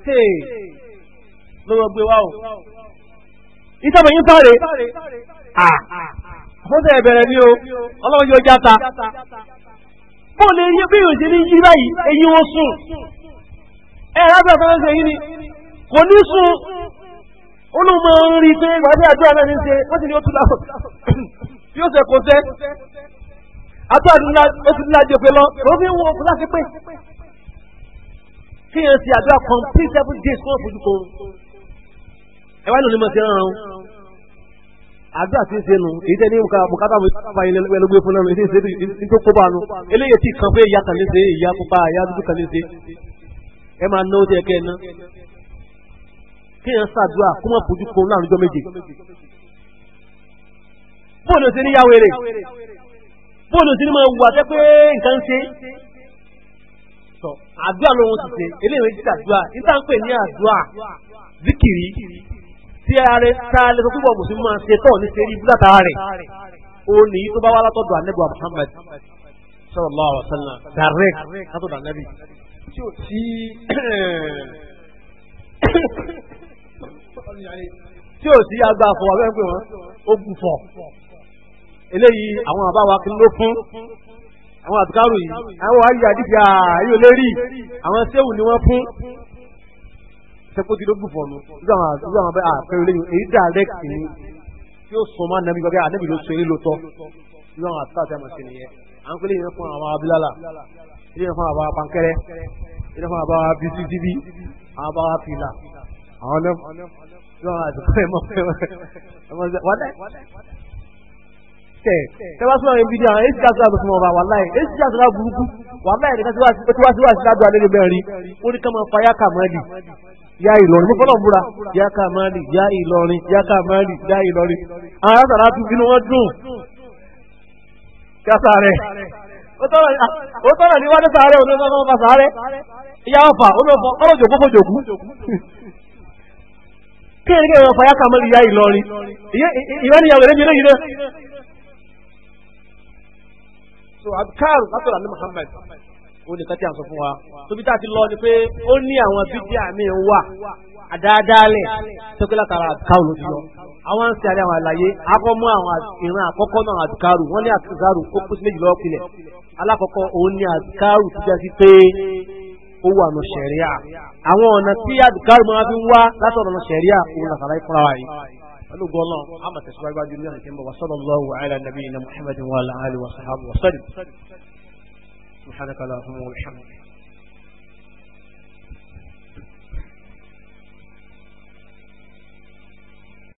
tèè lọ́wọ́ gbé wá o ìtàbí yín sáré à fúnṣẹ́ ẹ̀bẹ̀rẹ̀ ni o ọlọ́run yóò játa bọ́ọ̀lù eré bí yóò ṣe ní yí báyìí eyín wọn sùn ẹ̀ rábẹ́ ọ̀fẹ́ fẹ́ ṣe yín ni kò ní sùn olóòmọ ń rí pé wàá bí àdúrà náà ní ṣe wọ́n ti ní ó tún lásán yóò ṣe kò ṣe àtúrà ó ti nílá jẹ pé lọ òun fi ń wọ ọkùnrin láti pé kí yẹn ṣe àdúrà complete seven days kó fojú kan ẹ wá ní onímọ̀ sí ẹran àdúrà tí ń ṣe nù èyí tẹ́ ní bùkátà bá yẹn lẹ́gbẹ́ fún lẹ́nu ní tó kó bá nu eléyìí tí kan pé ìyá kan lè ṣe ìyá pupa ìyá dúdú kan lè ṣe ẹ máa náwó tí ẹ kẹ́ ẹ ná kéèyàn ṣàdúrà kó mọ̀ fojú kan láàrin ọjọ́ méje. bóòlù sí ní yàwó èrè bóòlù sí ní máa wù àtẹ́ pé nǹkan ń ṣe. sọ àdúrà lóhun ti ṣe eléyìí ti ṣàdúrà níta ń pè ní àdúrà zikiri tí ààrẹ ta lè sọ púpọ̀ mùsùlùmí máa ṣe tọ̀ ní sẹ́rí búdàtà rẹ̀ ó ní tó bá wá látọ̀dọ̀ ànẹ́gbà Muhammad sallallahu alaihi wasallam direct látọ̀dọ̀ ànẹ́bí tí tí ò sí agbá fọ abẹ́ pé wọ́n ó bù fọ eléyìí àwọn àbáwá kí ló fún àwọn àtúkárù yìí àwọn ayé àdìgbà ayé olérí àwọn sẹ́wù ni wọ́n fún sẹ́kọ́tì ló bù fọ nù nígbà wọn bẹ àpẹẹrẹ lẹ́yìn èyí direct ni tí ó sọ máa nàbí gbàgbé ànábì ló sọ eré lótọ́ nígbà wọn àtúkárù àti àmọ̀sí nìyẹn à ń pè léyìn fún àwọn abilala léyìn fún àwọn pankẹrẹ léyìn fún àwọn bisitibi àwọn fìlà àwọn lọ́wọ́ àsìkò ẹ̀ mọ̀ pé wọ́n lẹ́. tẹ̀ tẹ́ bá sọ àwọn ibi àwọn èsì kásìlá tó fún ọba wà láì èsì kásìlá burúkú wà láì nìkan tí wàá sí wàá sí ládùú alẹ́ bẹ́ẹ̀ rí ó ní ká máa fa yáka mọ́ẹ̀lì yá ìlọrin mo fọlọ́ múra yáka mọ́ẹ̀lì yá ìlọrin yáka mọ́ẹ̀lì yá ìlọrin àwọn àtàrà tún bínú wọn dùn kásá rẹ̀ ó tọ́nà ní wájú sàárẹ̀ òní ọmọ ọmọ sàárẹ̀ ìyá ọ̀fà olóòfò ọlọ́jọ̀ kókó jòkú kí ẹni kí ẹ̀rọ fàyà kà mọ́ ìyá Ìlọrin ìyá ni ìyàwó rẹ̀ jẹ́ lẹ́yìn náà. so abkar látọ̀rọ̀ ní Muhammad ó ní kẹ́tí àǹsọ̀ fún wa tóbi tá a ti lọ ni pé ó ní àwọn bíbí àmì ń wà àdáadáalẹ̀ tókẹ́lá tara abkar ló ti lọ àwọn ń ṣe àrí àwọn àlàyé akọ́mọ́ àwọn ìran àkọ́kọ́ náà àdùkárù wọ́n ní àdùkárù ó kú sí méjì lọ́wọ́ pilẹ̀ òun ní àdùkárù ti jẹ́ sí pé ó wà nù ṣẹ̀ríà àwọn ọ̀nà tí àdùkárù máa fi ń wá látọ̀nà nù ṣẹ̀ríà òun làkàlà ìfúnra wa yìí. pẹ̀lú gọ́lọ́ àmọ̀ tẹ̀síwájú wájú ní àti ìmọ̀wá sọ́dọ̀ lọ́wọ́ àìlà nàbí iná muhammadin wa aláàlú wa sàhábù wa sọ́dọ̀